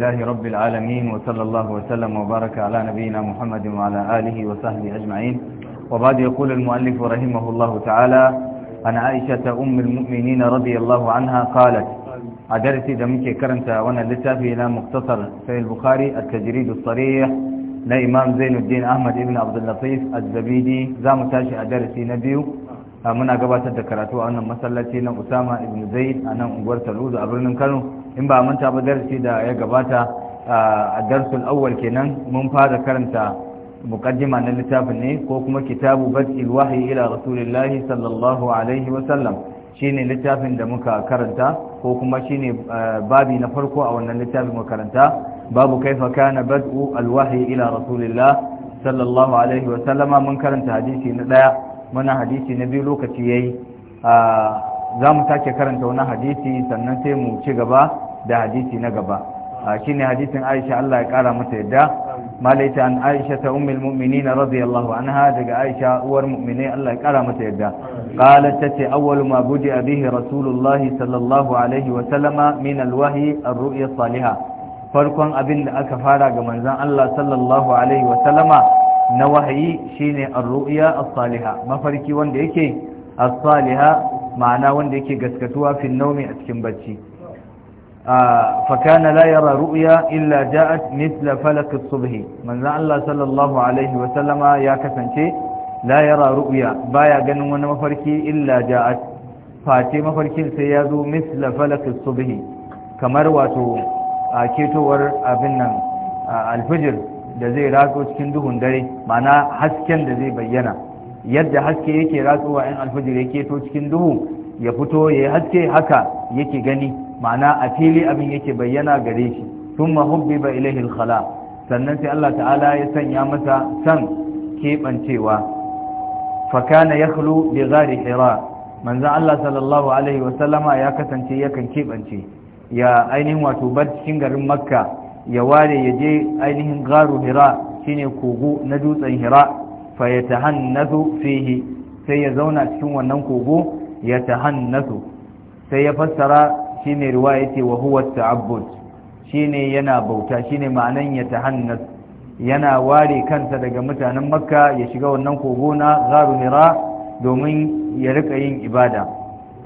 لله رب العالمين وصلى الله وسلم وبارك على نبينا محمد وعلى آله وصحبه أجمعين وبعد يقول المؤلف رحمه الله تعالى عن عائشة أم المؤمنين رضي الله عنها قالت عدرت دمك كرنت وانا لتافي إلى مختصر في البخاري التجريد الصريح لإمام زين الدين أحمد بن عبد اللطيف الزبيدي زام تاشي عدرتي نبيو muna gabatar da karatu a wannan masallaci na Usama ibn Zaid a nan unguwar Taludu a birnin Kano in ba manta ba darasi da ya gabata a darsul awwal kenan mun fara karanta muqaddima na littafin ne ko kuma kitabu bad'il wahyi ila rasulillahi sallallahu alaihi wa sallam shine littafin da muka karanta ko kuma shine babi na farko a wannan littafin muka karanta babu kaifa kana bad'u alwahyi ila rasulillah sallallahu alaihi wa sallama mun karanta hadisi na daya muna hadisi na biyu lokaci yayi za mu sake karanta wani hadisi sannan sai mu ci gaba da hadisi na gaba ne hadisin Aisha Allah ya kara mata yadda malaita an Aisha ta ummul mu'minin radiyallahu anha daga Aisha uwar mu'minai Allah ya kara mata yadda ta ce awwalu ma budi'a bihi rasulullahi sallallahu alaihi wa sallama min alwahi ar-ru'ya saliha farkon abin da aka fara ga manzon Allah sallallahu alaihi wa sallama na wahayi shine ar-ru'ya as mafarki wanda yake as-salihah ma'ana wanda yake gaskatuwa fil nawmi a cikin bacci فكان لا يرى رؤيا إلا جاءت مثل فلك الصبح من ذا الله صلى الله عليه وسلم يا كسنتي لا يرى رؤيا بايا غنن وانا مفركي إلا جاءت فاتي مفركي سيادو مثل فلك الصبح kamar wato a ketowar abin nan alfijir da zai rago cikin duhun dare mana hasken da zai bayyana yadda haske yake ratsowa in alfijir ya keto cikin duhu ya fito ya haske haka yake gani ma'ana a fili abin yake bayyana gare shi tun hubbiba ba al-khala sannan sai Allah ta'ala ya sanya masa san keɓancewa. fakana ya yakhlu bi ghari hira manzo Allah sallallahu alaihi wa ya kasance yakan keɓance. ya ainihin wato barcikin garin Makka ya ware ya je ainihin garu hira shine kogo na dutsen hira fa yatahannasu fihi sai ya zauna cikin wannan kogo tahannasu sai ya fassara shine riwaya ce wa huwa ta'abbud shine yana bauta shine ma'anan ya tahannas yana ware kansa daga mutanen makka ya shiga wannan kogo na gharu hira domin ya rika yin ibada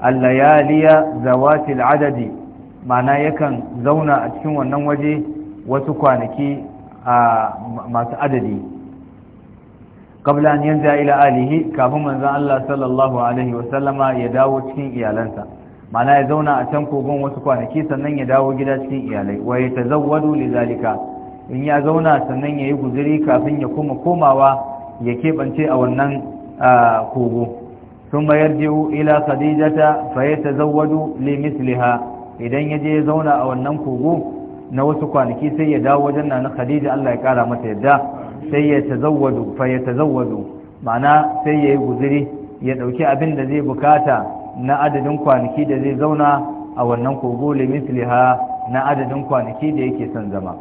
allayaliya zawatil adadi ma'ana yakan zauna a cikin wannan waje wasu kwanaki a masu adadi قبل أن ila Alihi, kafin كابو Allah الله صلى wa Sallama ya dawo cikin iyalansa. mana ya zauna a can kogon wasu kwanaki sannan ya dawo gida cikin iyalai wa ya tazawwadu lizalika in ya zauna sannan ya yi guziri kafin ya koma komawa ya keɓance a wannan kogo sun mayar jiwu ila khadijata fa ya tazawwadu li misliha idan ya je ya zauna a wannan kogo na wasu kwanaki sai ya dawo wajen na khadija Allah ya kara mata yadda sai ya tazawwadu fa ya tazawwadu ma'ana sai ya yi guziri ya ɗauki abin da zai bukata na adadin kwanaki da zai zauna a wannan kogo limisliha na adadin kwanaki da yake son zama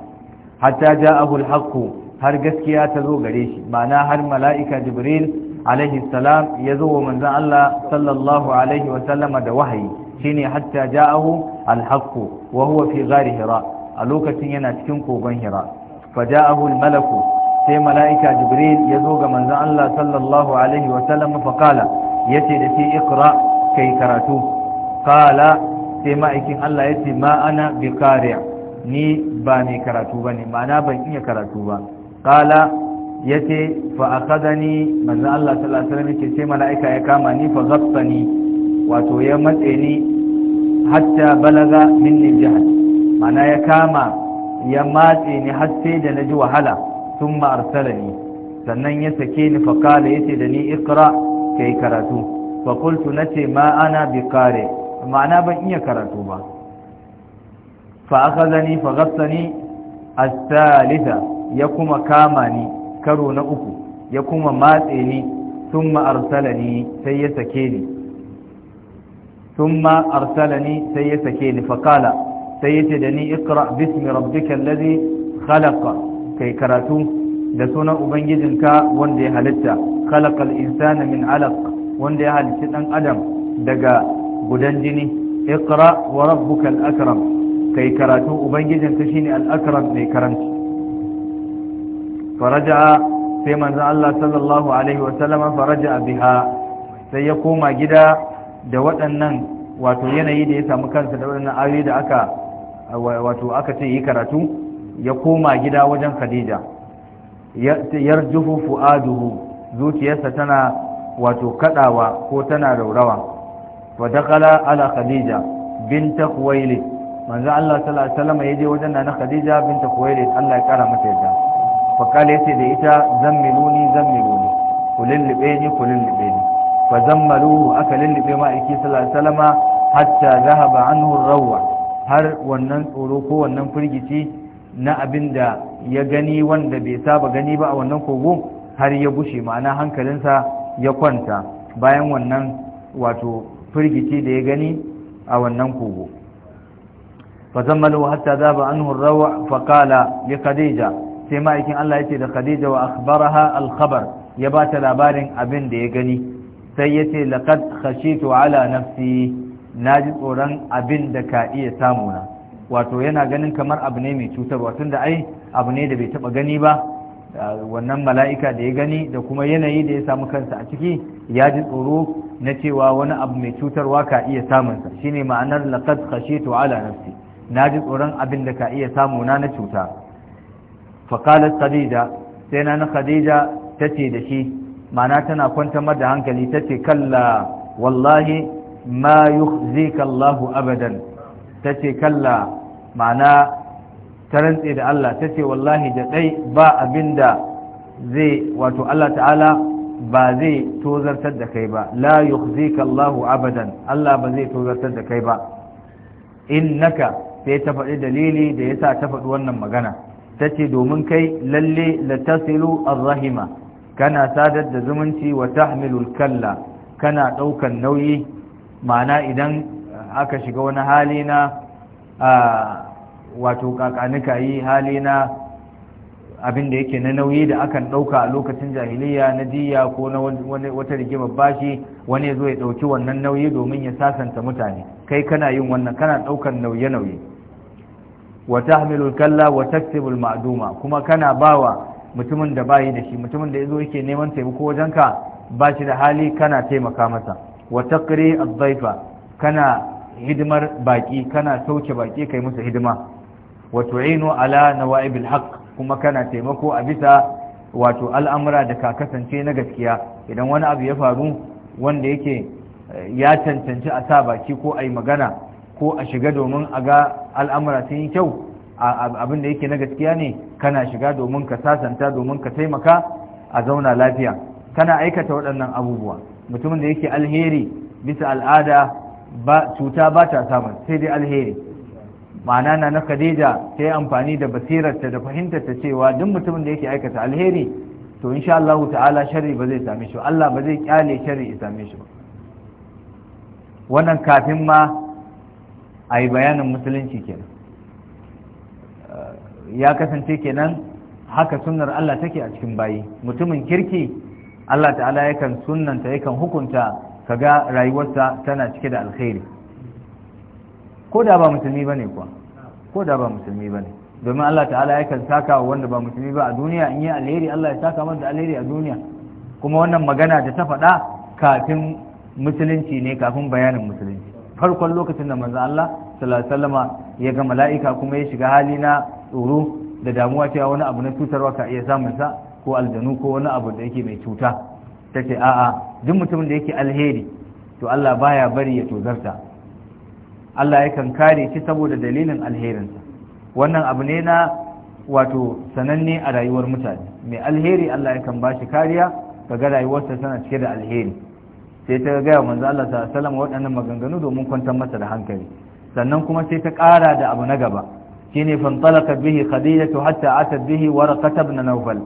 hatta ja'ahu al-haqqu har gaskiya ta zo gare shi ma'ana har mala'ika jibril alaihi salam ya zo wa manzon Allah sallallahu alaihi wa sallama da wahayi shine hatta ja'ahu al-haqqu wa huwa fi ghari hira a lokacin yana cikin kogon hira fa ja'ahu al-malaku sai mala'ika jibril ya zo ga manzon Allah sallallahu alaihi wa sallama fa qala yace da shi iqra Ka yi karatu kala sai ma'aikin Allah ya ce ma ana bi ni ba mai karatu ba ne ma'ana ban iya karatu ba kala ya ce fa a ni? manzo Allah sallallahu alaihi wasallam yake sai mala'ika ya kama ni fa ni wato ya matse ni hatta balaga min ni jihar ma'ana ya kama ya matse ni har sai da ji wahala thumma ni sannan ya sake ni fa kala ce da ni ikra yi karatu fakultu na ce ma ana bi kare ma'ana ban iya karatu ba fa aka zani fa gassani a ya kuma kama ni karo na uku ya kuma matse ni sun ma'arsalani sai ya sake ni sun sai ya sake ni fakala sai ya ce da ni ikra bismi rabbika allazi khalaqa kai karatu da sunan ubangijinka wanda ya halitta khalaqal insana min alaq wanda ya halitta dan adam daga gudan jini iqra wa rabbuka al-akram kai karatu ubangijin ka shine al-akram mai karanci faraja sai manzo Allah sallallahu alaihi wa sallama faraja biha sai ya koma gida da waɗannan wato yanayi da ya samu kansa da waɗannan aure da aka wato aka ce yi karatu ya koma gida wajen Khadija yarjufu fu'aduhu zuciyarsa tana wato kadawa ko tana raurawa wa dakala ala khadija binta khuwailid manzo Allah sallallahu alaihi wasallam yaje wajen nana khadija binta khuwailid Allah ya kara mata yadda fa kale yace da ita zammiluni zammiluni kulillibe ni kulillibe ni fa zammalu aka lillibe ma aiki sallallahu alaihi wasallam hatta zahaba anhu rawa har wannan tsoro ko wannan firgici na abin da ya gani wanda bai saba gani ba a wannan kogo har ya bushe ma'ana hankalinsa ya kwanta bayan wannan wato firgici da ya gani a wannan kogo fazammalu hatta zaba anhu ar-rawa fa qala li khadija sai ma'aikin Allah yace da khadija wa akhbaraha al-khabar ya ba ta labarin abin da ya gani sai yace laqad khashitu ala nafsi naji tsoron abin da ka iya samuna wato yana ganin kamar abu ne mai cutarwa tunda ai abu ne da bai taba gani ba wannan mala'ika da ya gani da kuma yanayi da ya samu kansa a ciki ya ji tsoro na cewa wani abu mai cutarwa ka iya samunsa shine ma'anar laqad khashitu ala nafsi na ji tsoron abin da ka iya samu na na cuta faqalat khadija sai na na khadija tace da shi ma'ana tana kwantar da hankali tace kalla wallahi ma yukhzika Allahu abadan ce kalla ma'ana ta rantse da Allah ta ce wallahi da ɗai ba abin da zai wato Allah ta'ala ba zai tozartar da kai ba la yukhzika Allahu abadan Allah ba zai tozartar da kai ba innaka sai ta faɗi dalili da yasa ta faɗi wannan magana ta ce domin kai lalle latasilu arrahima kana sadar da zumunci wa tahmilul kalla kana ɗaukan nauyi ma'ana idan aka shiga wani hali na ah, wato kakanika yi hali na abin da yake na nauyi da akan ɗauka a lokacin jahiliya na jiya ko na wata rigimar bashi wani zo ya ɗauki wannan nauyi domin ya sasanta mutane kai kana yin wannan kana ɗaukan nauye-nauye wa tahmilul kalla wa taksibul ma'duma kuma kana bawa mutumin da bayi da shi mutumin da yazo yake neman taimako wajenka ba shi da hali kana taimaka masa wa taqri dhaifa kana hidimar baki kana sauke baki kai masa hidima wato tu'inu ala nawa'ib alhaq kuma kana taimako a bisa wato al'amura da ka kasance na gaskiya idan wani abu ya faru wanda yake ya cancanci a sa baki ko a magana ko a shiga domin a ga al'amura sun yi kyau abin da yake na gaskiya ne kana shiga domin ka sasanta domin ka taimaka a zauna lafiya kana aikata waɗannan abubuwa mutumin da yake alheri bisa al'ada cuta ba ta samun sai dai alheri ma'ana na na Khadija ta yi amfani da basirarta da fahimtarta cewa duk mutumin da yake aikata alheri to insha Allah ta'ala sharri ba zai same shi Allah ba zai kyale sharri ya same shi wannan kafin ma a bayanin musulunci kenan eh, ya kasance kenan haka sunnar Allah take a cikin bayi mutumin kirki Allah ta'ala yakan sunnanta yakan hukunta kaga rayuwarsa tana cike da alheri. ko da ba musulmi bane kuwa ko da ba musulmi bane domin Allah ta'ala yakan saka wa wanda ba musulmi ba a duniya in yi alheri Allah ya saka wanda alheri a duniya kuma wannan magana da ta faɗa kafin musulunci ne kafin bayanin musulunci farkon lokacin da manzo Allah sallallahu ya ga mala'ika kuma ya shiga hali na tsoro da damuwa cewa wani abu na cutarwa ka iya samun sa ko aljanu ko wani abu da yake mai cuta tace a'a duk mutumin da yake alheri to Allah baya bari ya tozarta Allah yakan kare ki saboda dalilin alherinsa wannan abu ne na wato sananne a rayuwar mutane mai alheri Allah yakan ba shi kariya ga rayuwarsa tana cike da alheri sai ta gaya manzo Allah ta sallama waɗannan maganganu domin kwantar masa da hankali sannan kuma sai ta ƙara da abu na gaba shine fantalaka bihi khadijatu hatta atat bihi waraqat ibn nawfal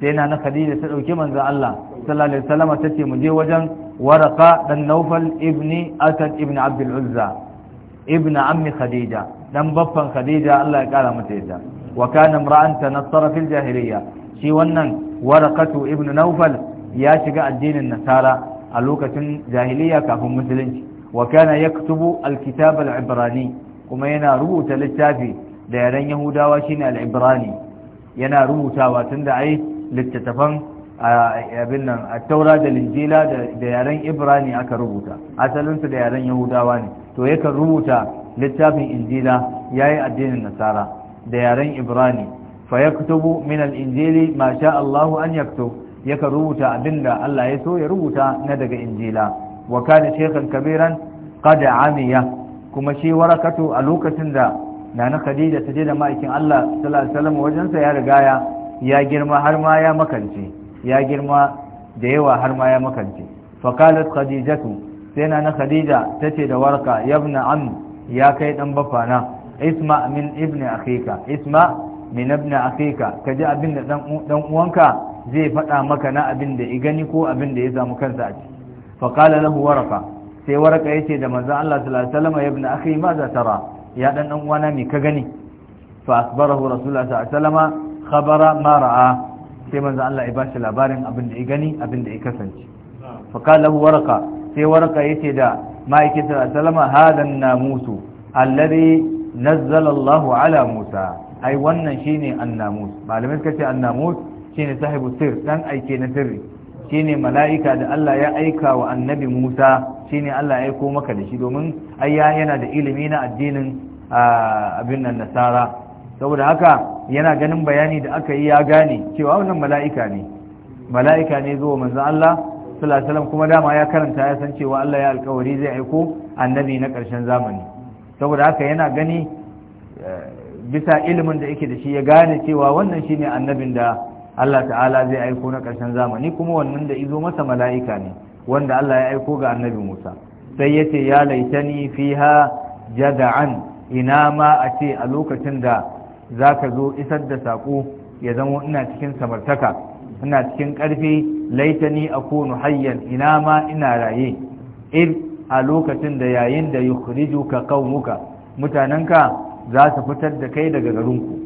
sai na khadija ta dauki manzo Allah sallallahu alaihi wasallam mu je wajen waraqa dan nawfal ibni asad ibn abd al-uzza ibn ammi khadija dan baffan khadija Allah ya kara mata yadda Wakana mura'anta imra'an tanassara jahiliya shi wannan warqatu ibn nawfal ya shiga addinin nasara a lokacin jahiliya kafin musulunci wa kana yaktubu alkitab al-ibrani kuma yana rubuta littafi da yaren yahudawa shine al-ibrani yana rubutawa tunda ai littattafan abin nan a taura da linjila da yaren ibrani aka rubuta asalinsu da yaren yahudawa ne to kan rubuta littafin injila ya yi addinin nasara da yaren ibrani fa ya kutubu min al'injili ma sha Allahu an ya kan rubuta abin da Allah ya so ya rubuta na daga injila wa kana shekhan kabiran kada amiya kuma shi warakatu a lokacin da nana khadija ta je da ma'aikin Allah sallallahu alaihi wasallam wajensa ya riga ya girma har ma ya makance ya girma da yawa har ma ya makance faqalat khadijatu sai na na khadija ce da warka yabna am ya kai dan bafana isma min ibni akhika isma min ibni akhika kaji abin da ɗan uwanka zai faɗa maka na abin da gani ko abin da ya samu kansa a ciki faƙala lahu waraka sai ya ce da manzon Allah sallallahu alaihi wasallam ibn akhi ma za tara ya dan ɗan uwana me ka gani fa asbarahu rasulullah sallallahu alaihi wasallam khabara ma ra'a sai manzo Allah ya bashi labarin abin da ya gani abin da ya kasance fa kala hu waraka sai waraka yace da ma'aikata sallama hadan namusu alladhi nazzala Allah ala Musa ai wannan shine annamus malamai suka ce annamus shine sahibu sir dan aike na sirri shine mala'ika da Allah ya aika wa annabi Musa shine Allah ya aiko maka da shi domin ai yana da ilimi na addinin ah, abin nan nasara saboda haka yana ganin bayani da aka yi ya gane cewa wannan mala'ika ne mala'ika ne zuwa manzon Allah sallallahu kuma dama ya karanta ya san cewa Allah ya alkawari zai aiko annabi na ƙarshen zamani saboda haka yana gani eh, bisa ilimin da yake da shi ya gane cewa wannan shine annabin da Allah ta'ala zai aiko na ƙarshen zamani kuma wannan da izo masa mala'ika ne wanda Allah ya aiko ga annabi Musa sai ya ce ya laitani fiha jada'an ina ma a ce a lokacin da za ka zo isar da saƙo ya zama ina cikin samartaka ina cikin ƙarfi laitani a kunu hayyan ina ma ina raye in a lokacin da yayin da yukhrijuka muka, mutanenka za su fitar da kai daga garinku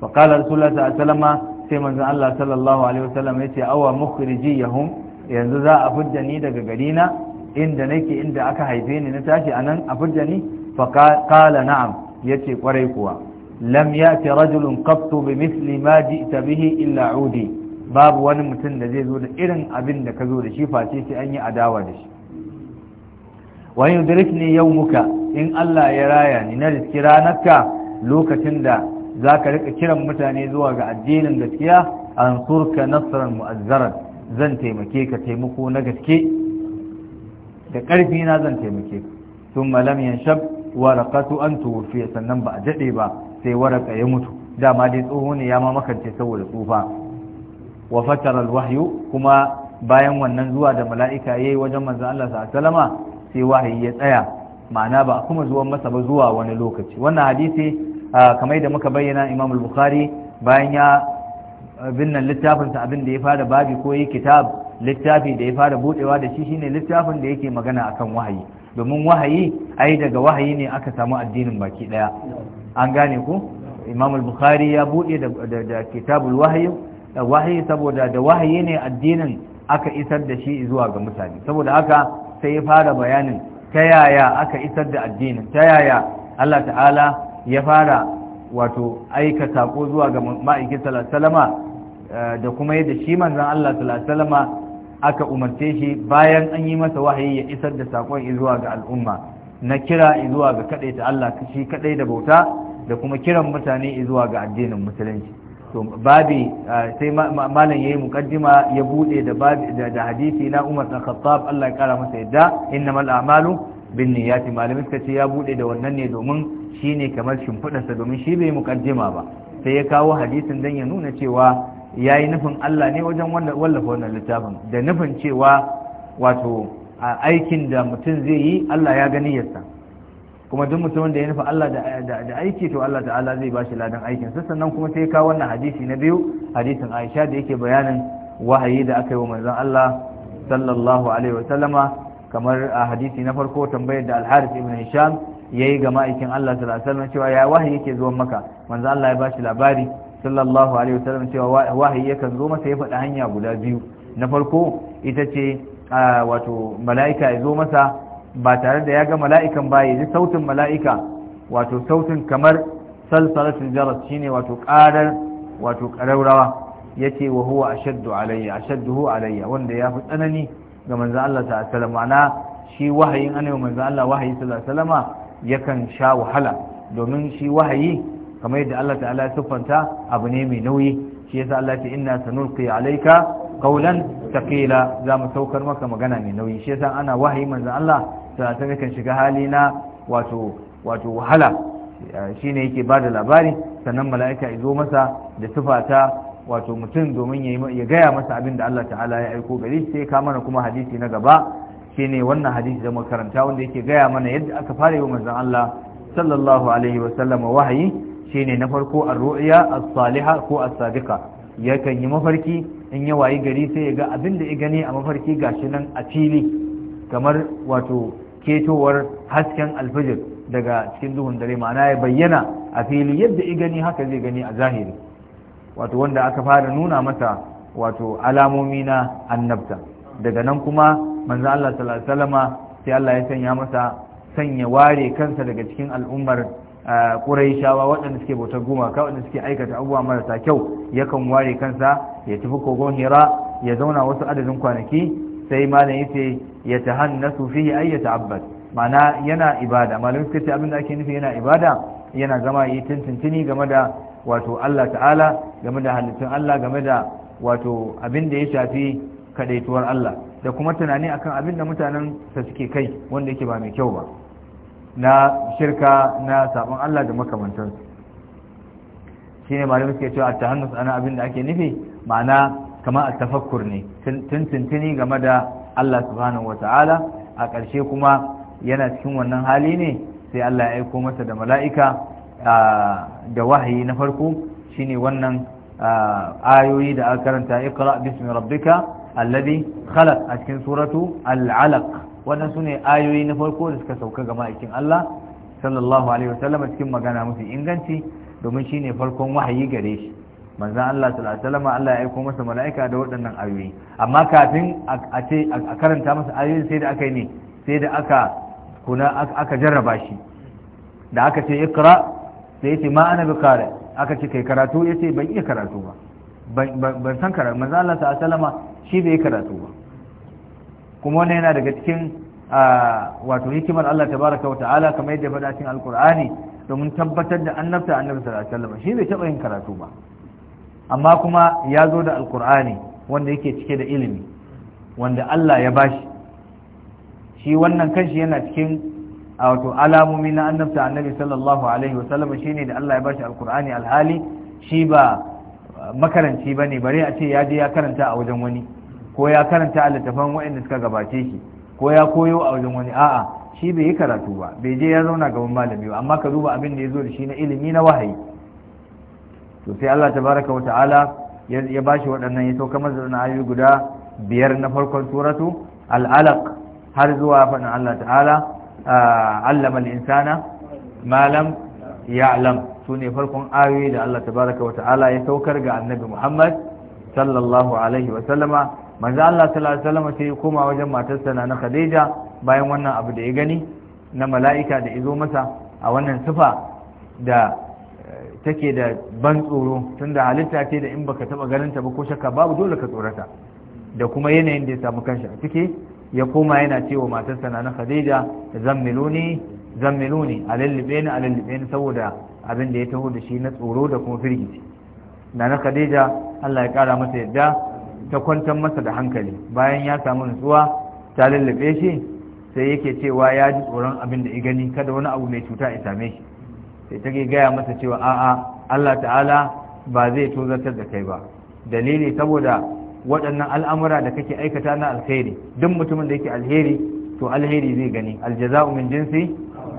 faƙalar qala rasulullahi sallallahu sai manzan Allah sallallahu alaihi wasallam yace awa hun, yanzu za a fidda ni daga garina inda nake inda aka haife ni na tashi anan a fidda ni faƙala na'am na'am yace kwarai kuwa lam yati rajulun qattu bi misli ma ji'ta bihi illa udi babu wani mutum da zai zo da irin abin da ka zo da shi face sai an yi adawa da shi wa yudrikni yawmuka in Allah ya raya ni na riski ranarka lokacin da zaka rika kiran mutane zuwa ga addinin gaskiya ansurka surka nasran mu'azzaran zan taimake ka taimako na gaske da ƙarfi na zan taimake ka thumma lam yanshab waraqatu an tuwfiya sannan ba a dade ba sai waraka ya mutu dama dai tsoho ne ya ma makance saboda tsufa wa fatara alwahyu kuma bayan wannan zuwa da mala'ika yayi wajen manzon Allah sallallahu alaihi wasallama sai wahayi ya tsaya ma'ana ba kuma zuwan masa ba zuwa wani lokaci wannan hadisi kamar da muka bayyana Imam al-Bukhari bayan ya binna littafin sa abin da ya fara babi ko yi kitab littafi da ya fara budewa da shi shine littafin da yake magana akan wahayi domin wahayi ai daga wahayi ne aka samu addinin baki daya an gane ku imam al-bukhari ya bude da kitabul wahyi wahyi saboda da wahayi ne addinin aka isar da shi zuwa ga mutane saboda haka sai ya fara bayanin ta yaya aka isar da addinin ta yaya Allah ta'ala ya fara wato aika sako zuwa ga ma'aikin salama eh, da kuma yadda shi manzon Allah salama aka umarce shi bayan an yi masa wahayi ya isar da sakon zuwa ga al'umma na kira zuwa ga ta Allah shi kaɗai da bauta da kuma kiran mutane zuwa ga addinin musulunci to babi sai malam yayi muqaddima ya bude da babi da hadisi na Umar bin Khattab Allah ya kara masa yadda innamal a'malu niyyati malamin suka ce ya buɗe da wannan ne domin shine kamar shimfiɗarsa domin shi bai muqaddima ba sai ya kawo hadisin dan ya nuna cewa yayi nufin Allah ne wajen wallafa wannan littafin da nufin cewa wato a aikin da mutum zai yi Allah ya gani yasa kuma duk mutum da ya nufa Allah da aiki to Allah ta'ala zai bashi ladan aikin sannan kuma sai ka wannan hadisi na biyu hadisin Aisha da yake bayanin wahayi da aka yi wa manzon Allah sallallahu alaihi wasallama kamar a hadisi na farko tambayar da Al-Harith ibn Hisham yayi ga ma'aikin Allah sallallahu alaihi wasallam cewa ya wahayi yake zuwa maka manzon Allah ya bashi labari sallallahu alaihi wasallam cewa wahayi yakan zo masa ya faɗi hanya guda biyu na farko ita ce wato mala'ika ya zo masa ba tare da ya ga mala'ikan ba ya ji sautin mala'ika wato sautin kamar salsalatul jaras shine wato karar wato karaurawa ce wa huwa ashaddu alayya ashadduhu alayya wanda ya fi tsanani ga manzo Allah ta sallama na shi wahayin annabi manzo Allah wahayi sallallahu alaihi yakan sha wahala domin shi wahayi kamar yadda Allah ta'ala ya siffanta abu ne mai nauyi shi yasa Allah ya ce inna sanulqi alayka Kaulan taqila za mu saukar maka magana mai nauyi shi yasa ana wahayi manzo Allah sai ta kan shiga hali na wato wato wahala shine yake bada labari sannan mala'ika izo masa da sifata wato mutum domin ya gaya masa abin da Allah ta'ala ya aiko gare shi sai ka mana kuma hadisi na gaba shine wannan hadisi da makaranta wanda yake gaya mana yadda aka fara yi wa Allah sallallahu alaihi wa sallam wahayi shine na farko ar-ru'ya as-salihah ko as-sadiqa yakan yi mafarki in ya wayi gari sai ya ga abin da ya gani a mafarki gashi nan a fili kamar wato ketowar hasken alfijir daga cikin duhun dare ma'ana ya bayyana a fili yadda ya gani haka zai gani a zahiri wato wanda aka fara nuna masa wato alamomi na annabta daga nan kuma manzo Allah sallallahu alaihi sai Allah ya sanya masa sanya ware kansa daga cikin al'ummar ƙuraishawa waɗanda suke bautar gumaka waɗanda suke aikata abubuwa marasa kyau yakan ware kansa ya tafi kogon hira ya zauna wasu adadin kwanaki sai malam yace ya ta tahannasu fihi ay yata'abbad ma'ana yana ibada malam suka ce abin da ake nufi yana ibada yana zama yi tuntuntuni game da wato Allah ta'ala game da halittun Allah game da wato abin da ya shafi kadaituwar Allah da kuma tunani akan abin da mutanen sa suke kai wanda yake ba mai kyau ba na shirka na sabon Allah da makamantansu ne malamu suke cewa ta tahannus ana abin da ake nufi ma'ana kama a tafakkur ne tuntuntuni game da Allah subhanahu ta'ala a ƙarshe kuma yana cikin wannan hali ne sai Allah ya aiko masa da mala'ika da wahayi na farko Shi ne wannan ayoyi da aka karanta iqra bismi rabbika alladhi khalaq a cikin suratu al-alaq wannan ne ayoyi na farko da suka sauka ga ma'aikin Allah sallallahu alaihi wasallam cikin magana mafi inganci domin shine farkon wahayi gare shi manzan Allah sallallahu alaihi wasallam Allah ya aika masa mala'ika da waɗannan ayoyi amma kafin a ce a karanta masa ayoyin sai da aka yi ne sai da aka kuna aka jarraba shi da aka ce ikra sai yace ma ana bikare aka ce kai karatu yace ban iya karatu ba ban san karatu manzan Allah sallallahu alaihi wasallam shi bai karatu ba kuma wannan yana daga cikin wato hikimar Allah tabaraka wa ta'ala kamar yadda faɗa cikin alkur'ani domin tabbatar da annabta annabi sallallahu alaihi wasallam shi bai taɓa yin karatu ba amma kuma ya zo da alkur'ani wanda yake cike da ilimi wanda Allah ya bashi shi wannan kanshi yana cikin wato alamomi na annabta annabi sallallahu alaihi wasallam shine da Allah ya bashi alkur'ani alhali shi ba makaranci bane bare a ce ya je ya karanta a wajen wani ko ya karanta a littafan waɗanda suka gabace shi ko ya koyo a wajen wani a'a shi bai yi karatu ba bai je ya zauna gaban malami ba amma ka duba abin da ya zo da shi na ilimi na wahayi to sai Allah tabaraka wata'ala ya bashi waɗannan ya sauka masa na ayoyi guda biyar na farkon suratu Al'alaq har zuwa faɗin Allah ta'ala allama insana ma lam ya'lam sune farkon ayoyi da Allah tabaraka wata'ala ya saukar ga annabi Muhammad sallallahu alaihi wa sallama manzo Allah sallallahu alaihi wasallam sai ya koma wajen matarsa nana Khadija bayan wannan abu da ya gani na mala'ika da izo masa a wannan sifa da eh, take da ban tsoro tunda halitta ce da in baka taba ganin ta ba ko shakka babu dole ka tsorata da kuma yanayin da ya samu kansa a ciki ya koma yana cewa matarsa nana Khadija zammiluni zammiluni alallibeni alallibeni saboda abin da ya taho da shi na tsoro da kuma firgici na Khadija Allah ya kara masa yadda ta kwantar masa da hankali bayan ya samu nutsuwa ta lallabe shi sai yake cewa ya ji tsoron abin da ya gani kada wani abu mai cuta ya same shi sai ta gaya masa cewa a'a Allah ta'ala ba zai tozartar da kai ba dalili saboda waɗannan al'amura da kake aikata na alheri duk mutumin da yake alheri to alheri zai gani aljaza'u min jinsi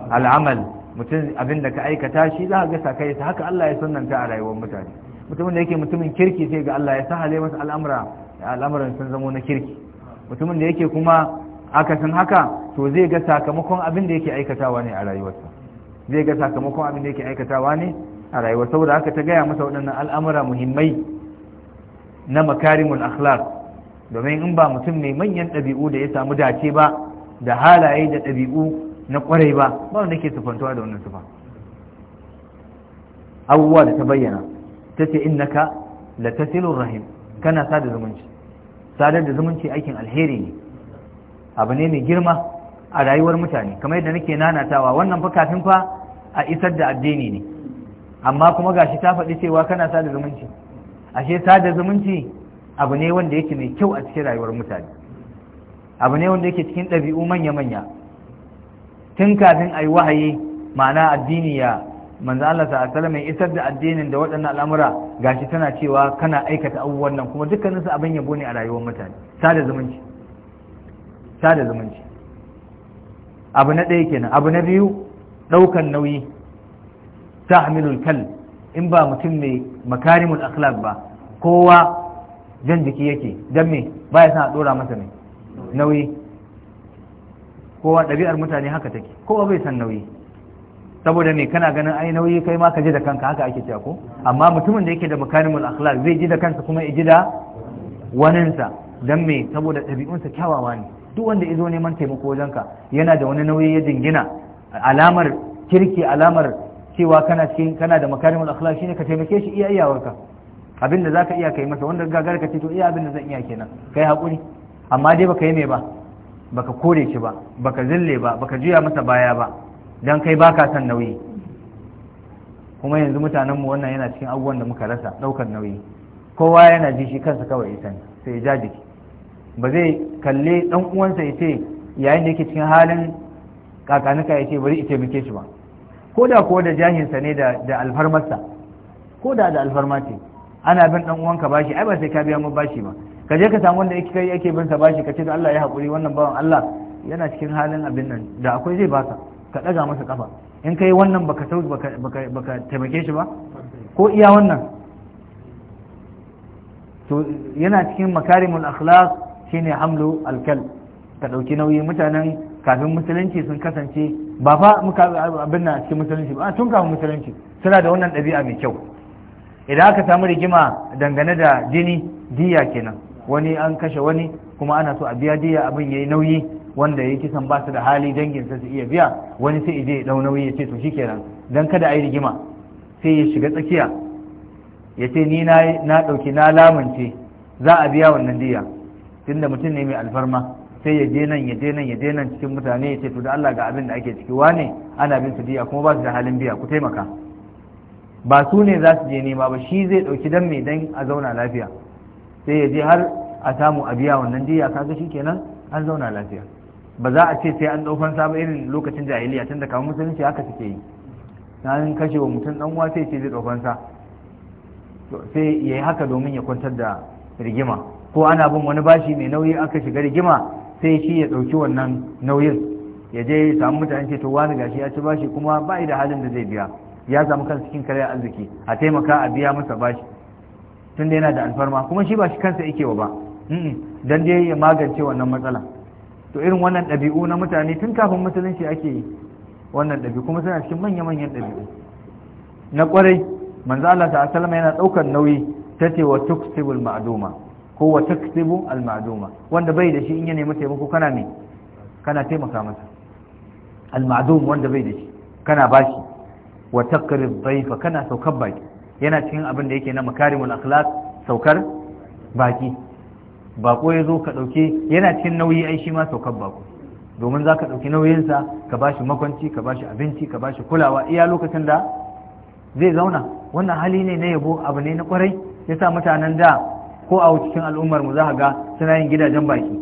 al'amal mutum abin da ka aikata shi za ka ga sakai haka Allah ya sunnanta a rayuwar mutane mutumin da yake mutumin kirki sai ga Allah ya sahale masa al'amura al'amuran sun zamo na kirki mutumin da yake kuma aka san haka to zai ga sakamakon abin da yake aikatawa ne a rayuwarsa zai ga sakamakon abin da yake aikatawa ne a rayuwa saboda haka ta gaya masa waɗannan al'amura muhimmai na makarimul akhlaq domin in ba mutum mai manyan ɗabi'u da ya samu dace ba da halaye da ɗabi'u na ƙwarai ba ba wanda ke sufantuwa da wannan sufa abubuwa da ta bayyana ta ce innaka la tasilur rahim kana sada zumunci sadar da zumunci aikin alheri ne abu ne mai girma a rayuwar mutane kamar yadda nake nanatawa wannan fa kafin fa a isar da addini ne amma kuma gashi ta faɗi cewa kana sada zumunci ashe sada zumunci abu ne wanda yake mai kyau a cikin rayuwar mutane abu ne wanda yake cikin ɗabi'u manya-manya tun kafin a yi wahayi ma'ana addini ya manzo Allah ta sallama mai isar da addinin da waɗannan al'amura gashi tana cewa kana aikata abubuwan nan kuma dukkanin su abin yabo ne a rayuwar mutane sada zumunci sada zumunci abu na ɗaya kenan abu na biyu ɗaukan nauyi tahmilul kal in ba mutum mai makarimul akhlaq ba kowa jan jiki yake dan me baya sa a dora masa ne nauyi kowa ɗabi'ar mutane haka take kowa bai san nauyi saboda me kana ganin ai nauyi kai ma ka ji da kanka haka ake cewa ko amma mutumin da yake da makarimul akhlaq zai ji da kansa kuma ya ji da waninsa dan me saboda ɗabi'unsa kyawawa ne duk wanda ya neman taimako wajen ka yana da wani nauyi ya dingina alamar kirki alamar cewa kana cikin kana da makarimul akhlaq shine ka taimake shi iya iyawarka abin da zaka iya kai masa wanda gagar ka ce to iya abin da zan iya kenan kai hakuri amma dai baka yi me ba baka kore shi ba baka zille ba baka juya masa baya ba don kai baka son nauyi kuma yanzu mutanenmu wannan yana cikin abubuwan da muka rasa ɗaukar nauyi kowa yana ji shi kansa kawai ita sai ya ja jiki ba zai kalle ɗan uwansa ya yayin da yake cikin halin kakanuka ya ce bari ya muke shi ba ko da kuwa da jahinsa ne da alfarmarsa ko da da alfarma ce ana bin ɗan uwanka bashi ai ba sai ka biya mu bashi ba ka je ka samu wanda yake kai yake bin sa bashi ka ce da Allah ya hakuri wannan bawan Allah yana cikin halin abin nan da akwai zai baka ka ɗaga masa ƙafa. in ka yi wannan baka taimake shi ba ko iya wannan to yana cikin makarimul akhlaq shine hamlu alkal ka ɗauki nauyi mutanen kafin musulunci sun kasance ba fa abin na cikin musulunci ba tun kafin musulunci suna da wannan ɗabi'a mai kyau idan aka samu rigima dangane da jini diya kenan wani an kashe wani kuma ana so a biya diya abin yayi nauyi wanda ya kisan ba su da hali dangin su iya biya wani sai ije ya dau nauyi ya ce to shikenan dan kada a rigima sai ya shiga tsakiya ya ce ni na ɗauki na lamunce za a biya wannan diya tunda mutum ne mai alfarma sai ya je nan ya je nan ya je nan cikin mutane ya ce to da Allah ga abin da ake ciki wane ana bin su diya kuma ba su da halin biya ku taimaka ba su ne za su je nema ba shi zai dauki dan mai dan a zauna lafiya sai ya je har a samu a biya wannan diya kaga kenan an zauna lafiya ba za a ce sai an ɗaufan sabon irin lokacin jahiliya tun da kawo musulunci haka suke yi sanin kashe wa mutum ɗan uwa sai ce zai ɗaufan sa sai ya yi haka domin ya kwantar da rigima ko ana bin wani bashi mai nauyi aka shiga rigima sai shi ya ɗauki wannan nauyin ya je ya samu mutane ce to wani gashi ya ci bashi kuma ba da halin da zai biya ya samu kansa cikin karyar arziki a taimaka a biya masa bashi tun da yana da alfarma kuma shi ba shi kansa yake wa ba dan dai ya magance wannan matsala to irin wannan ɗabi'u na mutane tun kafin musulunci ake yi wannan ɗabi'u kuma suna cikin manya-manyan ɗabi'u na ƙwarai manzo Allah ta sallama yana ɗaukar nauyi ta ce wa tuksibul ma'duma ko wa tuksibu al ma'duma wanda bai da shi in ya nemi taimako kana ne kana taimaka masa al ma'dum wanda bai da shi kana bashi wa taqrib dhaifa kana saukar baki yana cikin abin da yake na makarimul akhlaq saukar baki bako ya zo ka ɗauke yana cikin nauyi ai shi ma saukar bako domin za ka ɗauki nauyinsa ka ba shi makwanci ka ba shi abinci ka ba shi kulawa iya lokacin da zai zauna wannan hali ne na yabo abu ne na kwarai ya sa mutanen da ko a cikin al'ummar mu za ga suna yin gidajen baki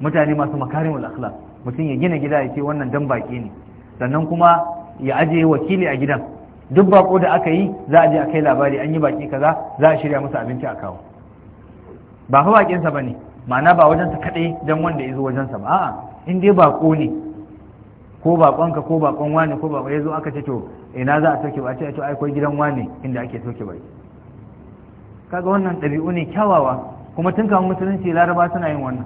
mutane masu makarin akhlaq mutum ya gina gida ya ce wannan dan baki ne sannan kuma ya ajiye wakili a gidan duk bako da aka yi za a je a kai labari an yi baki kaza za a shirya musu abinci a kawo ba fa bakinsa ba ne ma'ana ba wajensa kaɗai don wanda ya zo wajensa ba a'a in dai bako ne ko bakonka ko bakon wani ko bakon ya zo aka ce to ina za a soke ba a ce a to akwai gidan wani inda ake soke ba kaga wannan ɗabi'u ne kyawawa kuma tun kawo musulunci laraba suna yin wannan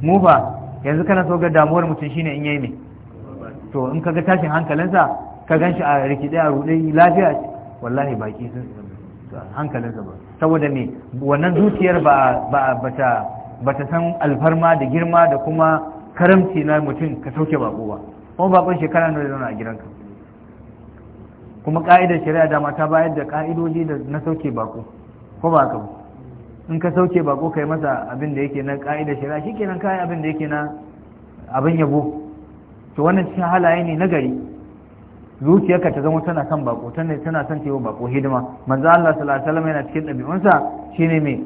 mu ba yanzu kana so ga damuwar mutum shine in yayi ne to in kaga tashin hankalinsa ka gan shi a rikide a rude lafiya wallahi baki sun hankalinsa ba saboda me wannan zuciyar ba ba bata bata san alfarma da girma da kuma karamci na mutum ka sauke bako ba kuma bakon shekara nawa zauna a gidanka kuma ka'idar shari'a dama ta bayar da ka'idoji da na sauke bako ko ba ka in ka sauke bako kai masa abin da yake na ka'idar shari'a shikenan kai abin da yake na abin yabo to wannan cikin halaye ne na gari zuciyarka ta zama tana son bako tana tana son ta yi bako hidima manzo Allah sallallahu alaihi wasallam yana cikin ɗabi'unsa shine mai